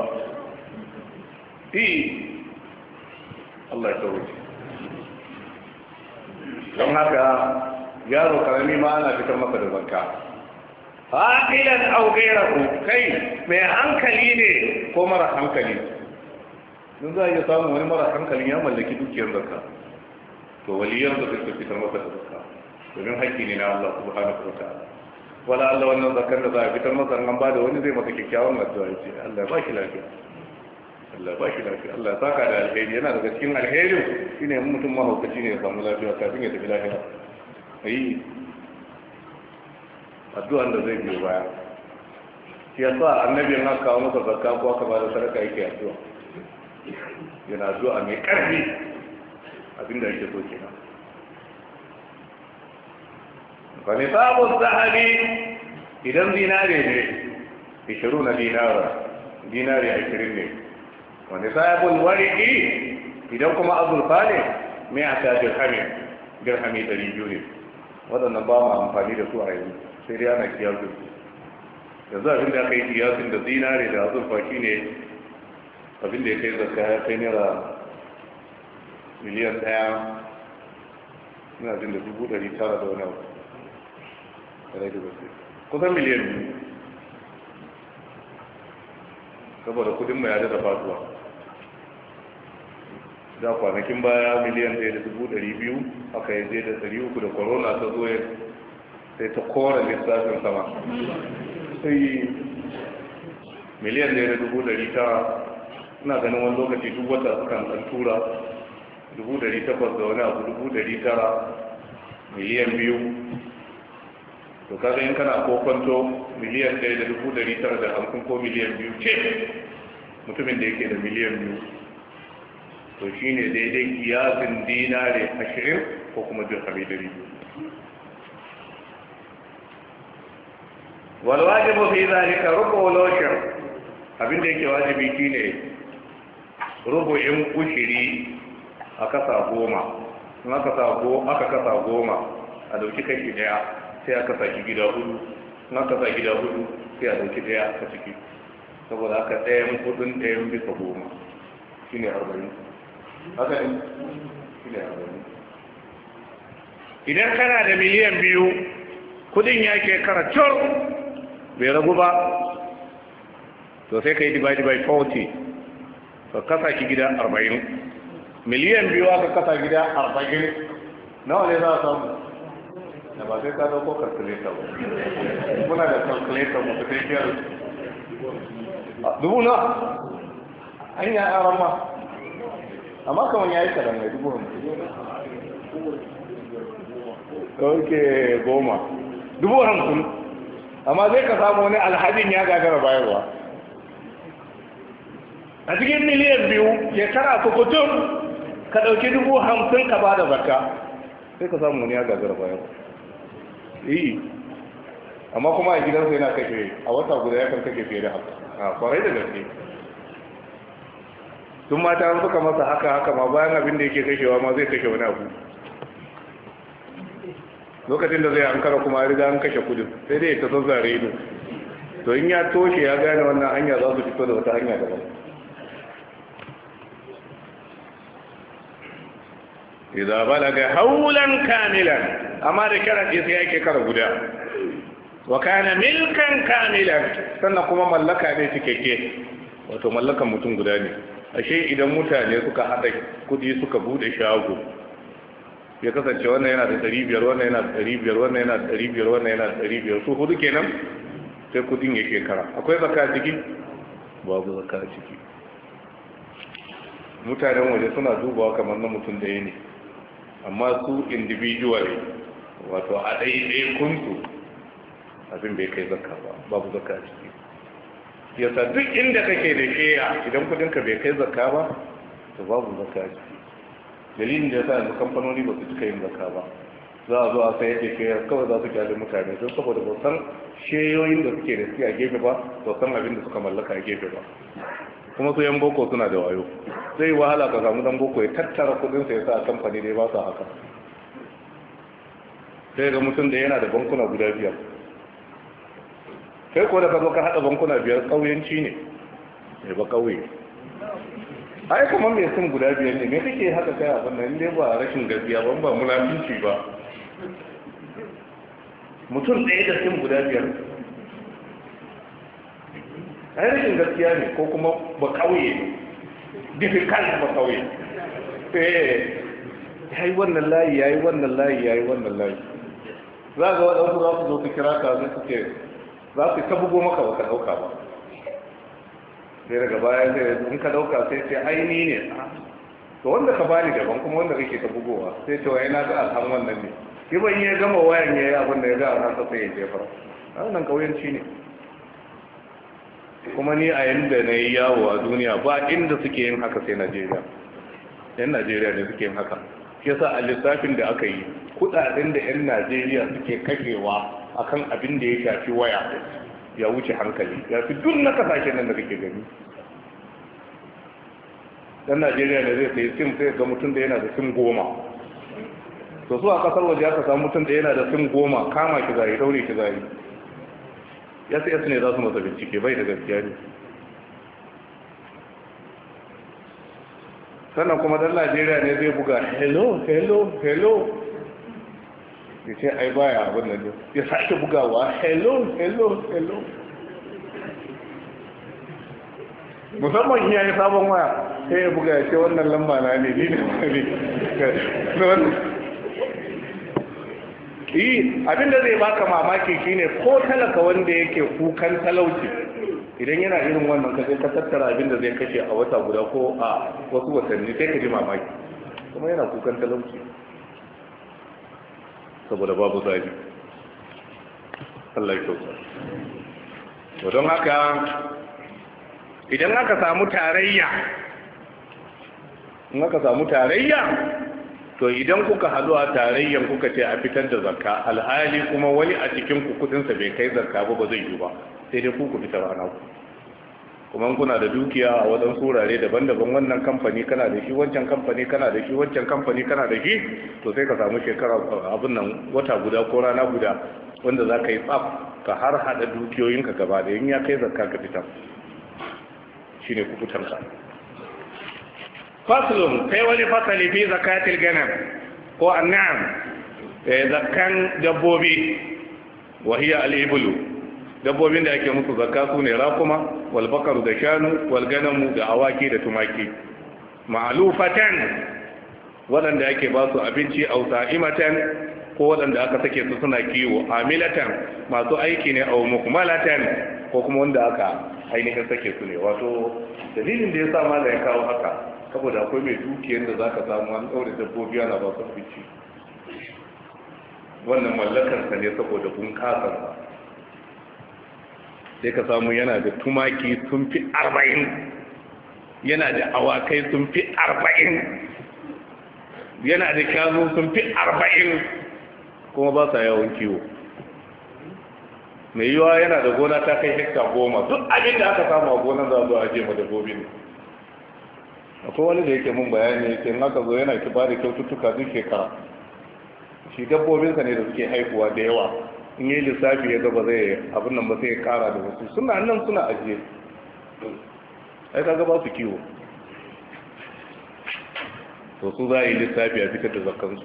[SPEAKER 1] yi Allah ya wuce don haka yaro karami ma ana fitar masa da zakka fa'ilan au kai mai hankali ne
[SPEAKER 2] ko mara hankali
[SPEAKER 1] don za a iya samun wani mara hankali ya mallaki dukiyar zakka to waliyan zakka fitar masa da zakka domin haƙƙi ne na Allah subhanahu wa ta'ala wala Allah wannan zakar da za a fitar masa an ba da wani zai masa kyakkyawan addu'a ya ce Allah ba shi lafiya Allah ba shi lafiya Allah saka da alheri yana daga cikin alheri shine mutum mahaukaci ne ya samu lafiya kafin ya tafi lafiya ayi addu'an da zai biyo baya shi yasa annabi yana kawo masa zakka ko aka da sadaka yake addu'a yana addu'a mai karfi abinda yake so kenan fa nisabu zahabi idan zinare ne 20 dinara dinare 20 ne wa nisabul warqi idan kuma azurfa ne mai aka dirhamin dirhami 200 ne waɗannan ba mu amfani da su a yanzu sai dai ana kiyasu yanzu abin da aka yi kiyasin da zinare da azurfa ne, abin da ya kai zakka ya kai naira miliyan ɗaya ina jin da dubu ɗari tara da wani abu kusan miliyan biyu saboda kudin mai yada da fatuwa da kwanakin baya miliyan ɗaya da dubu ɗari biyu aka yaje da ɗari uku da korona ta zo sai ta kora lissafin sama sai miliyan ɗaya da dubu ɗari tara ina ganin wani lokaci duk wata sukan ɗan tura dubu ɗari takwas da wani abu dubu ɗari tara miliyan biyu to kaga in kana kokonto miliyan ɗaya da dubu da ko miliyan biyu ce mutumin da yake da miliyan biyu to shine daidai kiyasin dinare ashirin ko kuma da ɗari biyu walwajibu fi zalika rubu loshir abin da yake wajibi shine in kushiri a kasa goma aka sa aka kasa goma a dauki kashi daya sai aka saki gida hudu na aka saki gida hudu sai a dauki daya aka ciki saboda aka ɗayan hudun ɗayan bisa goma shi ne arba'in haka ne shi ne arba'in idan kana da miliyan biyu kudin ya ke kara cor bai ragu ba to sai ka yi divide by 40 ka kasa ki gida arba'in miliyan biyu aka kasa gida arba'in nawa ne za a samu da ba sai ka dauko calculator ba muna da calculator mu sai kiyar
[SPEAKER 2] dubu na an yi aran ma amma kaman yayi kadan ne dubu ok
[SPEAKER 1] goma dubu hamsin amma zai ka samu wani alhajin ya gagara bayarwa a cikin miliyan biyu ya shekara kukutun ka ɗauki dubu hamsin ka ba da zakka sai ka samu wani ya gagara bayarwa yi eh. amma kuma a gidansa yana kashe a wata guda ya kan kashe fiye da haka a kwarai da gaske tun mata suka masa haka haka ma bayan abin da yake kashewa ma zai kashe wani abu lokacin da zai kara kuma riga an kashe kudin sai dai ta zazzare ido to in ya toshe ya gane wannan hanya za su fito da wata hanya daban idza balaga hawlan kamilan amma da kiran sai yake kara guda wa kana milkan kamilan sannan kuma mallaka ne cikakke wato mallakan mutum guda ne ashe idan mutane suka hada kudi suka bude shago ya kasance wannan yana da 500 wannan yana da 500 wannan yana da 500 wannan yana da 500 su hudu kenan sai kudin ya kara. akwai zakka ciki babu zakka ciki mutanen waje suna dubawa kamar na mutum da ya ne amma su individually wato a ɗaiɗai kuntu abin bai kai zakka ba babu zakka a ciki yasa duk inda kake da keya idan kudinka bai kai zakka ba to babu zakka a ciki dalilin da yasa yanzu kamfanoni ba su cika yin zakka ba za a zo a sayar da keyar kawai za su gyara mutane don saboda ba san sheyoyin da suke da suke a gefe ba ba san abin da suka mallaka a gefe ba kuma su yan boko suna da wayo zai wahala ka samu dan boko ya tattara kudin sa ya sa kamfani dai ba sa haka sai ga mutum da yana da bankuna guda biyar sai ko da ka zo ka haɗa bankuna biyar ƙauyenci ne mai ba kauye ai kamar mai sun guda biyar ne mai kake haka kai abin nan dai ba rashin gaskiya ban ba munafici ba mutum ɗaya da sun guda biyar ai rashin gaskiya ne ko kuma ba kauye ne difficult ba kauye eh yayi wannan layi yayi wannan layi yayi wannan layi za ga wadansu za su zo su kira ka za su ce za su ta bugo maka ba ka dauka ba sai daga baya sai in ka dauka sai sai ni ne to wanda ka bani daban kuma wanda kake ta bugowa sai to wai na ga alhan wannan ne kiban ya gama wayan ya yi abin da ya ga alhan sai ya jefa wannan kauyanci ne kuma ni a yanda na yi yawo a duniya ba inda suke yin haka sai najeriya yan najeriya ne suke yin haka shi yasa a lissafin da aka yi kudaden da yan najeriya suke a akan abin da ya shafi waya ya wuce hankali ya fi duk na kasashen nan da kake gani yan najeriya ne zai sayi sim sai ga mutum da yana da sim goma to su a kasar waje aka samu mutum da yana da sim goma kama shi zai daure shi zai yasa ne za su masa bincike bai da gaskiya ne sannan kuma dan najeriya ne zai buga hello hello hello ya ce ai baya abin nan ya sake bugawa hello hello hello musamman iya yi sabon waya sai ya buga ya ce wannan lamba na ne ni ne wani yi abinda zai baka mamaki shine ko talaka wanda yake kukan talauci idan yana irin wannan ka ka tattara abinda zai kashe a wata guda ko a wasu watanni sai ka ji mamaki kuma yana kukan talauci saboda babu zabi Allah ya to don haka idan aka samu tarayya in aka samu tarayya to idan kuka halu a tarayyan kuka ce a fitar da zakka alhali kuma wani a cikin ku kudinsa bai kai zakka ba ba zai yi ba sai dai kuku ku fitar ana ku kuma kuna da dukiya a wajen surare daban-daban wannan kamfani kana da shi wancan kamfani kana da shi wancan kamfani kana da shi to sai ka samu shekara abin nan wata guda ko rana guda wanda za ka yi tsaf ka har hada dukiyoyinka gaba da in ya kai zakka ka fitar shine ku fitar ka faslun kai wani fasali fi zakatil ganam ko annam eh, zakkan dabbobi wa hiya al dabbobin da ake musu zakka ne, rakuma wal bakaru da shanu wal da awaki da tumaki ma'lufatan waɗanda ake ba su abinci au sa'imatan ko waɗanda aka sake su suna kiwo amilatan masu aiki ne a mukmalatan ko kuma wanda aka ainihin sake su ne wato dalilin da ya sa ma da ya kawo haka saboda akwai mai dukiyar da za ka samu an ɗaure dabbobi ana ba su fice wannan mallakarsa ne saboda bunƙasarsa sai ka samu yana da tumaki sun fi arba'in yana da awakai sun fi arba'in yana da kyazo sun fi arba'in kuma ba sa yawon kiwo mai yiwa yana da gona ta kai hekta goma duk abin da aka samu a gonan za a zo a je ma ne Ko wani da yake mun bayani yake aka zo yana ki bada kyaututtuka duk shekara shi dabbobinsa ne da suke haihuwa da yawa in yi lissafi ya gaba zai abin nan ba sai kara da wasu suna nan suna ajiye ai ka gaba su kiwo to su za a yi lissafi a fitar da zakansu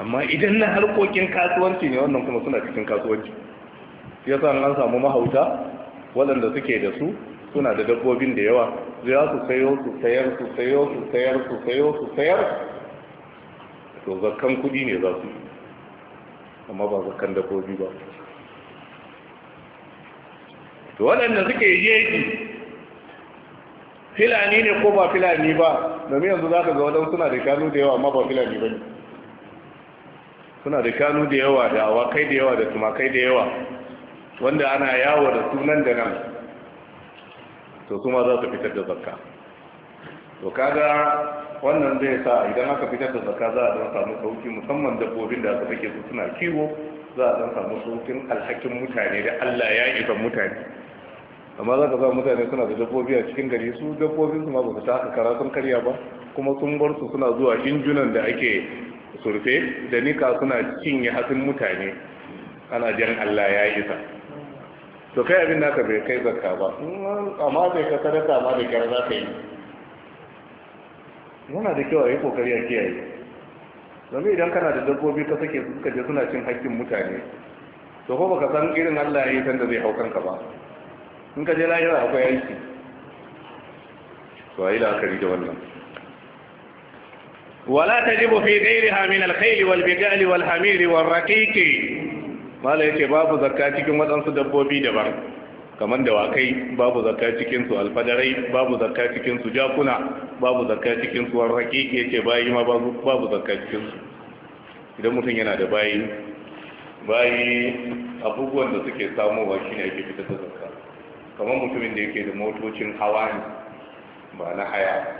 [SPEAKER 1] amma idan na harkokin kasuwanci ne wannan kuma suna cikin kasuwanci ya sa an samu mahauta waɗanda suke da su suna da dabbobin da yawa za su sayo su sayar su sayo su sayar su sayo su sayar to zakkan kudi ne za su amma ba zakkan dabbobi ba to waɗanda suke
[SPEAKER 2] yi
[SPEAKER 1] filani ne ko ba filani ba domin yanzu za ka ga waɗansu suna da shanu da yawa amma ba filani ba ne suna da shanu da yawa da awakai da yawa da tumakai da yawa wanda ana yawo da sunan da nan to kuma za ta fitar da zakka to kaga wannan zai sa idan aka fitar da zakka za a don samu sauki musamman dabbobin da aka fake su suna kiwo za a don samu saukin alhakin mutane da Allah ya isa mutane amma za ka sa mutane suna da dabbobi a cikin gari su dabbobin su ma ba su ta kara sun karya ba kuma sun bar su suna zuwa injunan da ake surfe da nika suna cinye hasin mutane ana jan Allah ya isa to kai abin naka bai kai zakka ba mm, amma bai ka sadaka ma da kyar za ka yi yana da kyau a yi kokari a kiyaye domin idan kana da dabbobi ka sake suka je suna cin hakkin mutane to ko baka san irin Allah ya yi sanda zai hau kanka ba in ka je lahira akwai aiki to yi la'akari da wannan wala تجب في غيرها من الخيل والبقال والحمير bigal mala yake babu zakka cikin waɗansu dabbobi daban kamar da wakai babu zakka cikin su alfadarai babu zakka cikin su jakuna babu zakka cikin su warraki yace bayi ma babu zakka cikin su idan mutum yana da bayi bayi abubuwan da suke shi shine ake fitar da zakka kamar mutumin da yake da motocin hawa ne ba na haya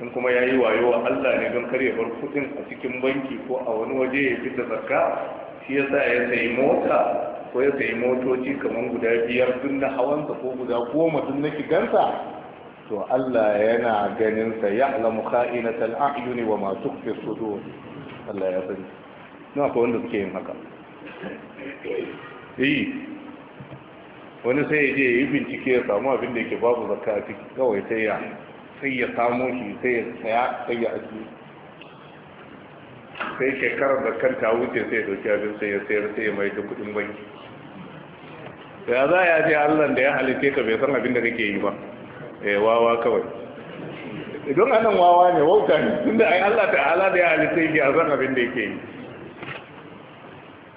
[SPEAKER 1] in kuma ya yi wayo Allah ne don kar ya bar kudin a cikin banki ko a wani waje ya fita zakka shi sa ya sayi mota ko ya sayi motoci kamar guda biyar tun na hawansa ko guda goma tun na shigansa to Allah yana ganin sa ya alamu kha'inatal ne wa masu tukfi sudur Allah ya sani na ko wanda suke yin haka eh wani sai ya je yi bincike ya samu abin da yake babu zakati kawai sai ya sai ya samo shi sai ya saya sai ya ajiye sai shekarar da kanta wuce sai ya dauki abin sai ya sayar sai ya mai da kudin banki ya za a ce allon da ya halitta ka bai san abin da kake yi ba eh wawa kawai idan anan wawa ne wauta ne tunda ai allah ta'ala da ya halitte ya san abin da yake yi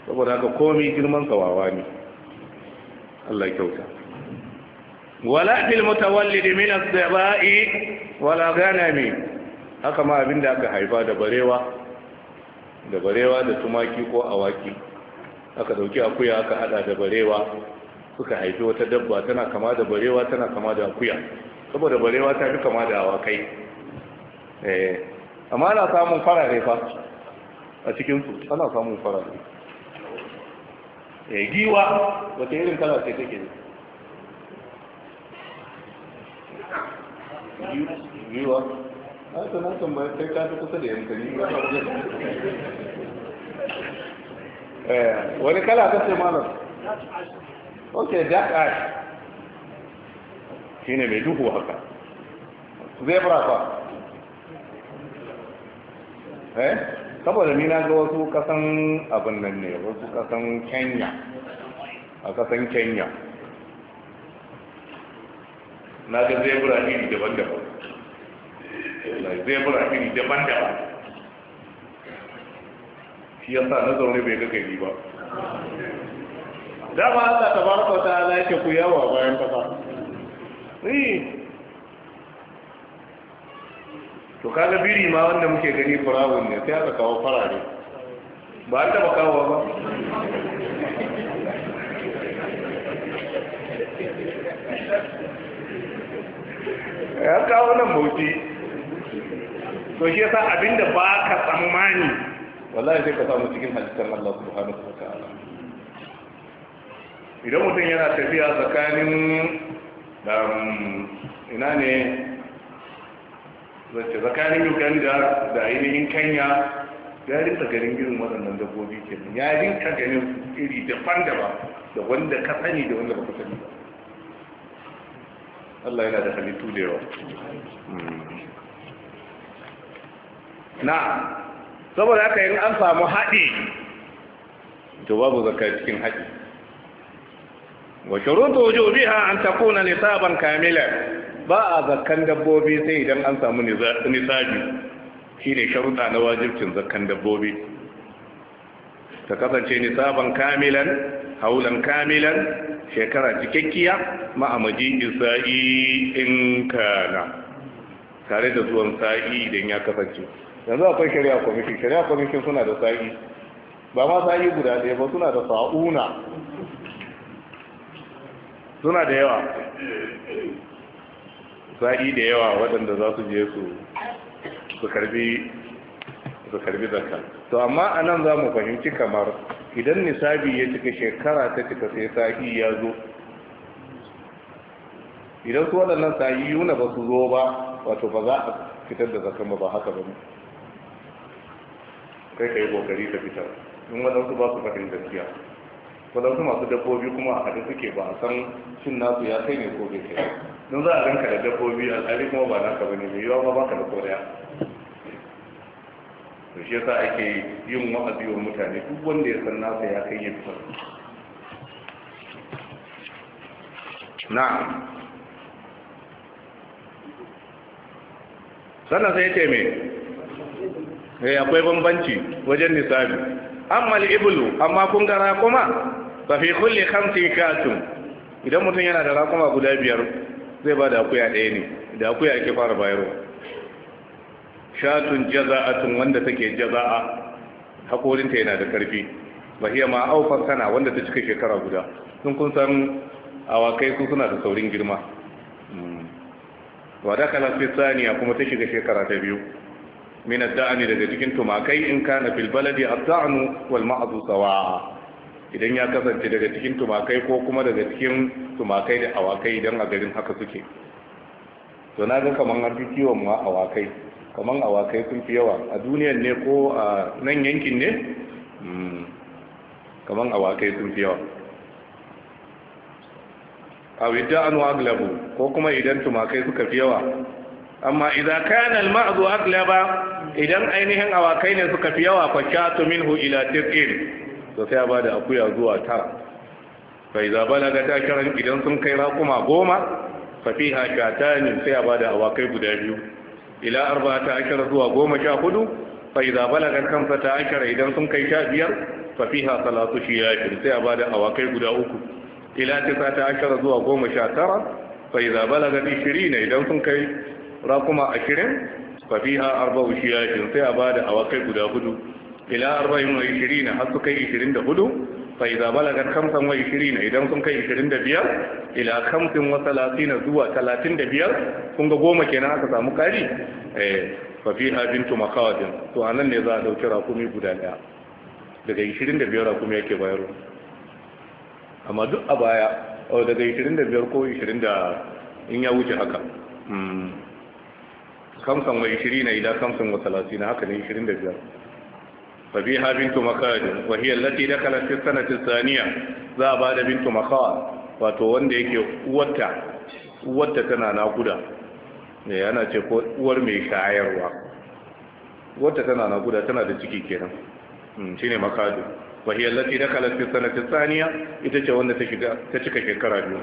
[SPEAKER 1] saboda haka komai girman ka wawa ne Allah kyauta wala fil mutawallid min az-zaba'i wala ghanami haka ma abin da aka haifa da barewa da barewa da tumaki ko awaki aka dauki akuya aka hada da barewa suka haifi wata dabba tana kama da barewa tana kama da akuya saboda barewa ta fi kama da awakai eh amma ana samun farare fa a cikin su ana samun farare eh giwa wata irin kala ce take giwa a na tambaya kai ka kusa da yankari eh, wani kala ka ce malam ok jack ash shi ne mai duhu haka Zai fara fa eh saboda ni na ga wasu kasan abin nan ne wasu kasan kenya a kasan kenya na ga zebra iri daban-daban zebra iri daban-daban shi ya sa na zaune bai ga gari ba
[SPEAKER 2] dama Allah ta
[SPEAKER 1] baraka ta ala yake ku yawa bayan kasa to kaga biri ma wanda muke gani firawun ne sai aka kawo farare
[SPEAKER 2] ba an taba kawo ba ya kawo
[SPEAKER 1] nan bauti to shi yasa abinda ba ka tsammani wallahi sai ka samu cikin halittar Allah subhanahu wa ta'ala idan mutum yana tafiya tsakanin um, ina ne zace tsakanin Uganda da ainihin Kenya ya rinka ganin irin waɗannan dabbobi ke ya rinka ganin iri daban da da wanda ka sani da wanda ba ka sani ba Allah yana da halittu da yawa na saboda aka yi an samu haɗi to babu zaka cikin haɗi wa shurutu wujubiha an takuna nisaban kamila ba a zakkan dabbobi sai idan an samu nisabi shine sharuɗa na wajibcin zakkan dabbobi ta kasance nisaban kamilan haulan kamilan shekara cikakkiya ma'amaji isa'i in kana tare da zuwan sa'i idan ya kasance yanzu akwai shari'a kwamishin shari'a kwamishin suna da sa'i ba ma sa'i guda ɗaya ba suna da sa'una suna da yawa sa'i da yawa waɗanda za su je su su karbi zaka. to amma a nan za mu fahimci kamar idan nisabi ya cika shekara ta cika sai sa'i ya zo idan su waɗannan sa'i yuna ba su zo ba wato ba za a fitar da zakkan ba haka ba ne kai ka yi kokari ta fitar in waɗansu ba su fahimta gaskiya waɗansu masu dabbobi kuma a haɗe suke ba a san cin nasu ya kai ne ko bai kai don za a ranka da dabbobi alhali kuma ba naka ba ne mai yiwa ba baka da koriya to shi yasa ake yin wa'azi wa mutane duk wanda ya san nasa ya kai ya fitar Na. sannan sai ya ce mai eh akwai bambanci wajen nisabi amma al-iblu amma kun ga raquma fa fi kulli khamsin katun idan mutum yana da raquma guda biyar zai ba da akuya ɗaya ne da akuya yake fara bayarwa shatun jaza'atun wanda take jaza'a hakorinta yana da karfi ba hiya ma aufar sana wanda ta cika shekara guda sun kun san awakai ku suna da saurin girma hmm. wa dakala fi saniya kuma ta shiga shekara ta biyu min da'ani daga cikin tumakai in kana fil baladi at-ta'nu wal ma'zu sawa'a idan ya kasance daga cikin tumakai ko kuma daga cikin tumakai da awakai idan a garin haka suke to na ga kaman an fi kiwon ma awakai kaman awakai sun fi yawa a duniyar ne ko a nan yankin ne hmm. kaman awakai sun fi yawa a wadda an aglabu ko kuma idan tumakai suka fi yawa amma idan kana al madhu aglaba idan ainihin awakai ne suka fi yawa fa shatu minhu ila tirqin to sai ba da akuya zuwa tara fa idza balaga tasharan idan sun kai raquma goma fa fiha shatan sai ba da awakai guda biyu ila arba'ata ashara zuwa goma sha hudu fa idza balaga ta ashara idan sun kai sha biyar fa fiha salatu shiyatin sai ba da awakai guda uku ila tisata ashara zuwa goma sha tara fa idza balaga 20 idan sun kai raquma ashirin fafiha arba'u shiyashin sai a bada awakai guda hudu ila arba'in wa na har su kai ishirin da hudu fa idza balagat khamsan wa na idan sun kai ishirin da biyar ila khamsin wa talatina zuwa talatin da biyar kun ga goma kenan aka samu kari eh fafiha bintu makawadin to anan ne za a dauki rakumi guda daya daga ishirin da biyar rakumi yake bayarwa amma duk a baya oh, daga ishirin da biyar ko ishirin da in ya wuce haka hmm. kamsan wa na ila kamsan wa talatina haka ne ishirin da biyar فبيها بنت مخاد وهي التي دخلت في السنة الثانية ba da Bintu مخاد wato wanda yake uwarta uwarta tana nakuda ne eh, yana ce ko uwar mai shayarwa uwarta tana nakuda tana da ciki kenan hmm, shine makadu wahiyar lati da kalasfi sanatin saniya ita ce wanda ta cika shekara biyu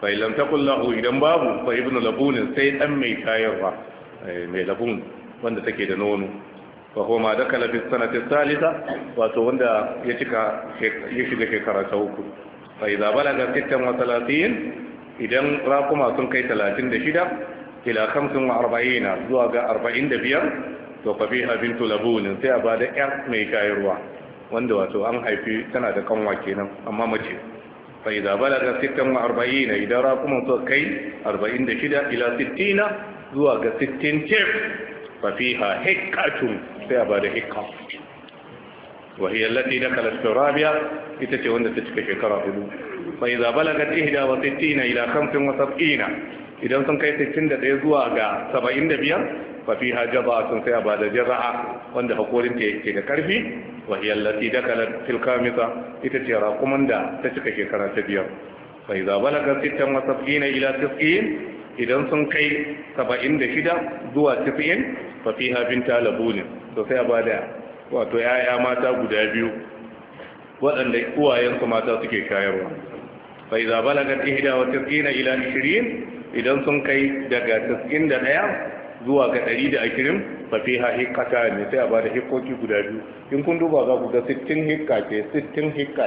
[SPEAKER 1] fa ilam ta kullahu idan babu fa ibnu labunin sai dan mai shayarwa Eh, mai labun wanda take da nono fa homa da fi sanata salisa wato wanda ya cika ya shiga shekara ta uku fa idza balaga wa talatin idan rakuma sun kai 36 ila 45 zuwa ga 45 to fa fiha bintu labun sai a bada yar mai shayarwa wanda wato an haifi tana da kanwa kenan amma mace fa idza balaga 46 idan rakuman su kai 46 ila 60 zuwa ga 16 kef fafiha hikatun sai a ba da hika wahiyallati na kalasfin rabia ita ce wanda ta cika shekara hudu mai zabala ga tihida wa 16 na idan sun kai 61 zuwa ga 75 fafiha jaba sun sai a ba da jaza'a wanda hakorin ta yake da karfi wahiyallati da kalasfin kamisa ita ce rakuman da ta cika shekara ta biyar mai zabala ga 60 wasa tsina idan sun kai saba'in da shida zuwa tafi'in fafi hafin talabu ne to sai a ba da wato ya'ya mata guda biyu waɗanda uwayensu mata suke shayarwa bai za balagar ihida wa tafi'ina ila ashirin idan sun kai daga tafi'in da ɗaya zuwa ga ɗari da ashirin fafi ha hikata ne sai a ba da hikoki guda biyu in kun duba za ku ga sittin hikka ce sittin hikka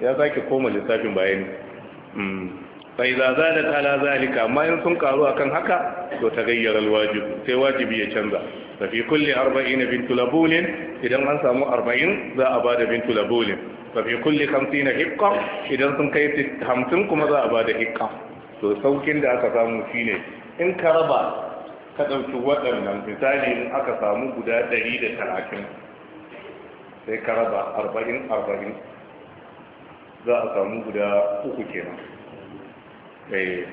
[SPEAKER 1] ya sake koma lissafin bayani hmm. bai za da tala zalika amma in sun karu akan haka to ta gayyara wajib sai wajibi ya canza da fi kulli arba'ina bintu labulin idan an samu arba'in za a bada bintu labulin da fi kulli hamsina hikka idan sun kai hamsin kuma za a bada hikka to saukin da aka samu shine in ka raba ka ɗauki waɗannan misali in aka samu guda ɗari da talatin sai ka raba arba'in arba'in za a samu guda uku kenan eh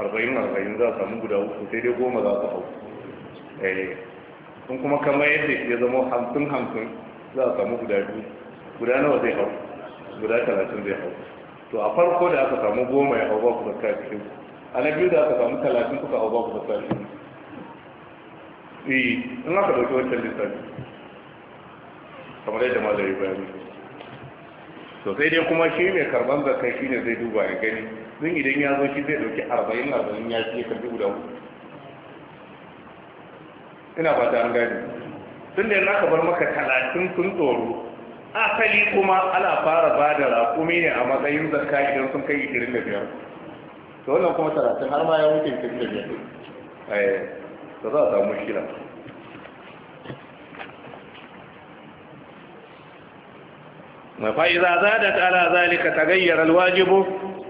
[SPEAKER 1] arba'in arba'in za a samu guda uku sai dai goma za su hau sun eh, kuma kama yadda ya zama hamsin hamsin za a samu guda biyu guda nawa zai hau guda talatin zai hau to a farko da aka samu goma ya hau ba ku zakka cikin a na biyu da aka samu talatin kuka hau ba ku zakka cikin yi eh, in aka dauki wancan lissafi kamar yadda yi bayani to sai dai kuma shi mai karban zakka shine zai duba ya gani don idan ya zo shi zai dauki arba'in arba'in ya ce karbi guda hudu ina ba ta an gani tun da yana bar maka talatin sun tsoro asali kuma ana fara ba da raƙumi ne a matsayin zakka idan sun kai ishirin da biyar to wannan kuma talatin har ma ya wuce ishirin da biyar da eh, za a samu shila فإذا زادت على ذلك تغير الواجب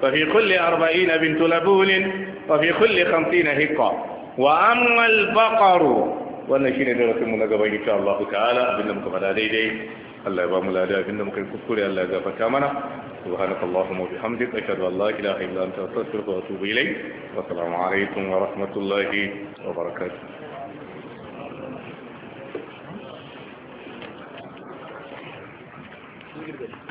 [SPEAKER 1] ففي كل أربعين بنت لبول وفي كل خمسين هقة وأما البقر وأنا شين من المنقبة إن شاء الله تعالى أبنى مكفر علي دي الله يبقى ملادي أبنى مكفر الله يبقى كامنا سبحانك اللهم وبحمدك أشهد أن لا إله إلا أنت أستغفرك وأتوب إليك والسلام عليكم ورحمة الله وبركاته
[SPEAKER 2] Thank you.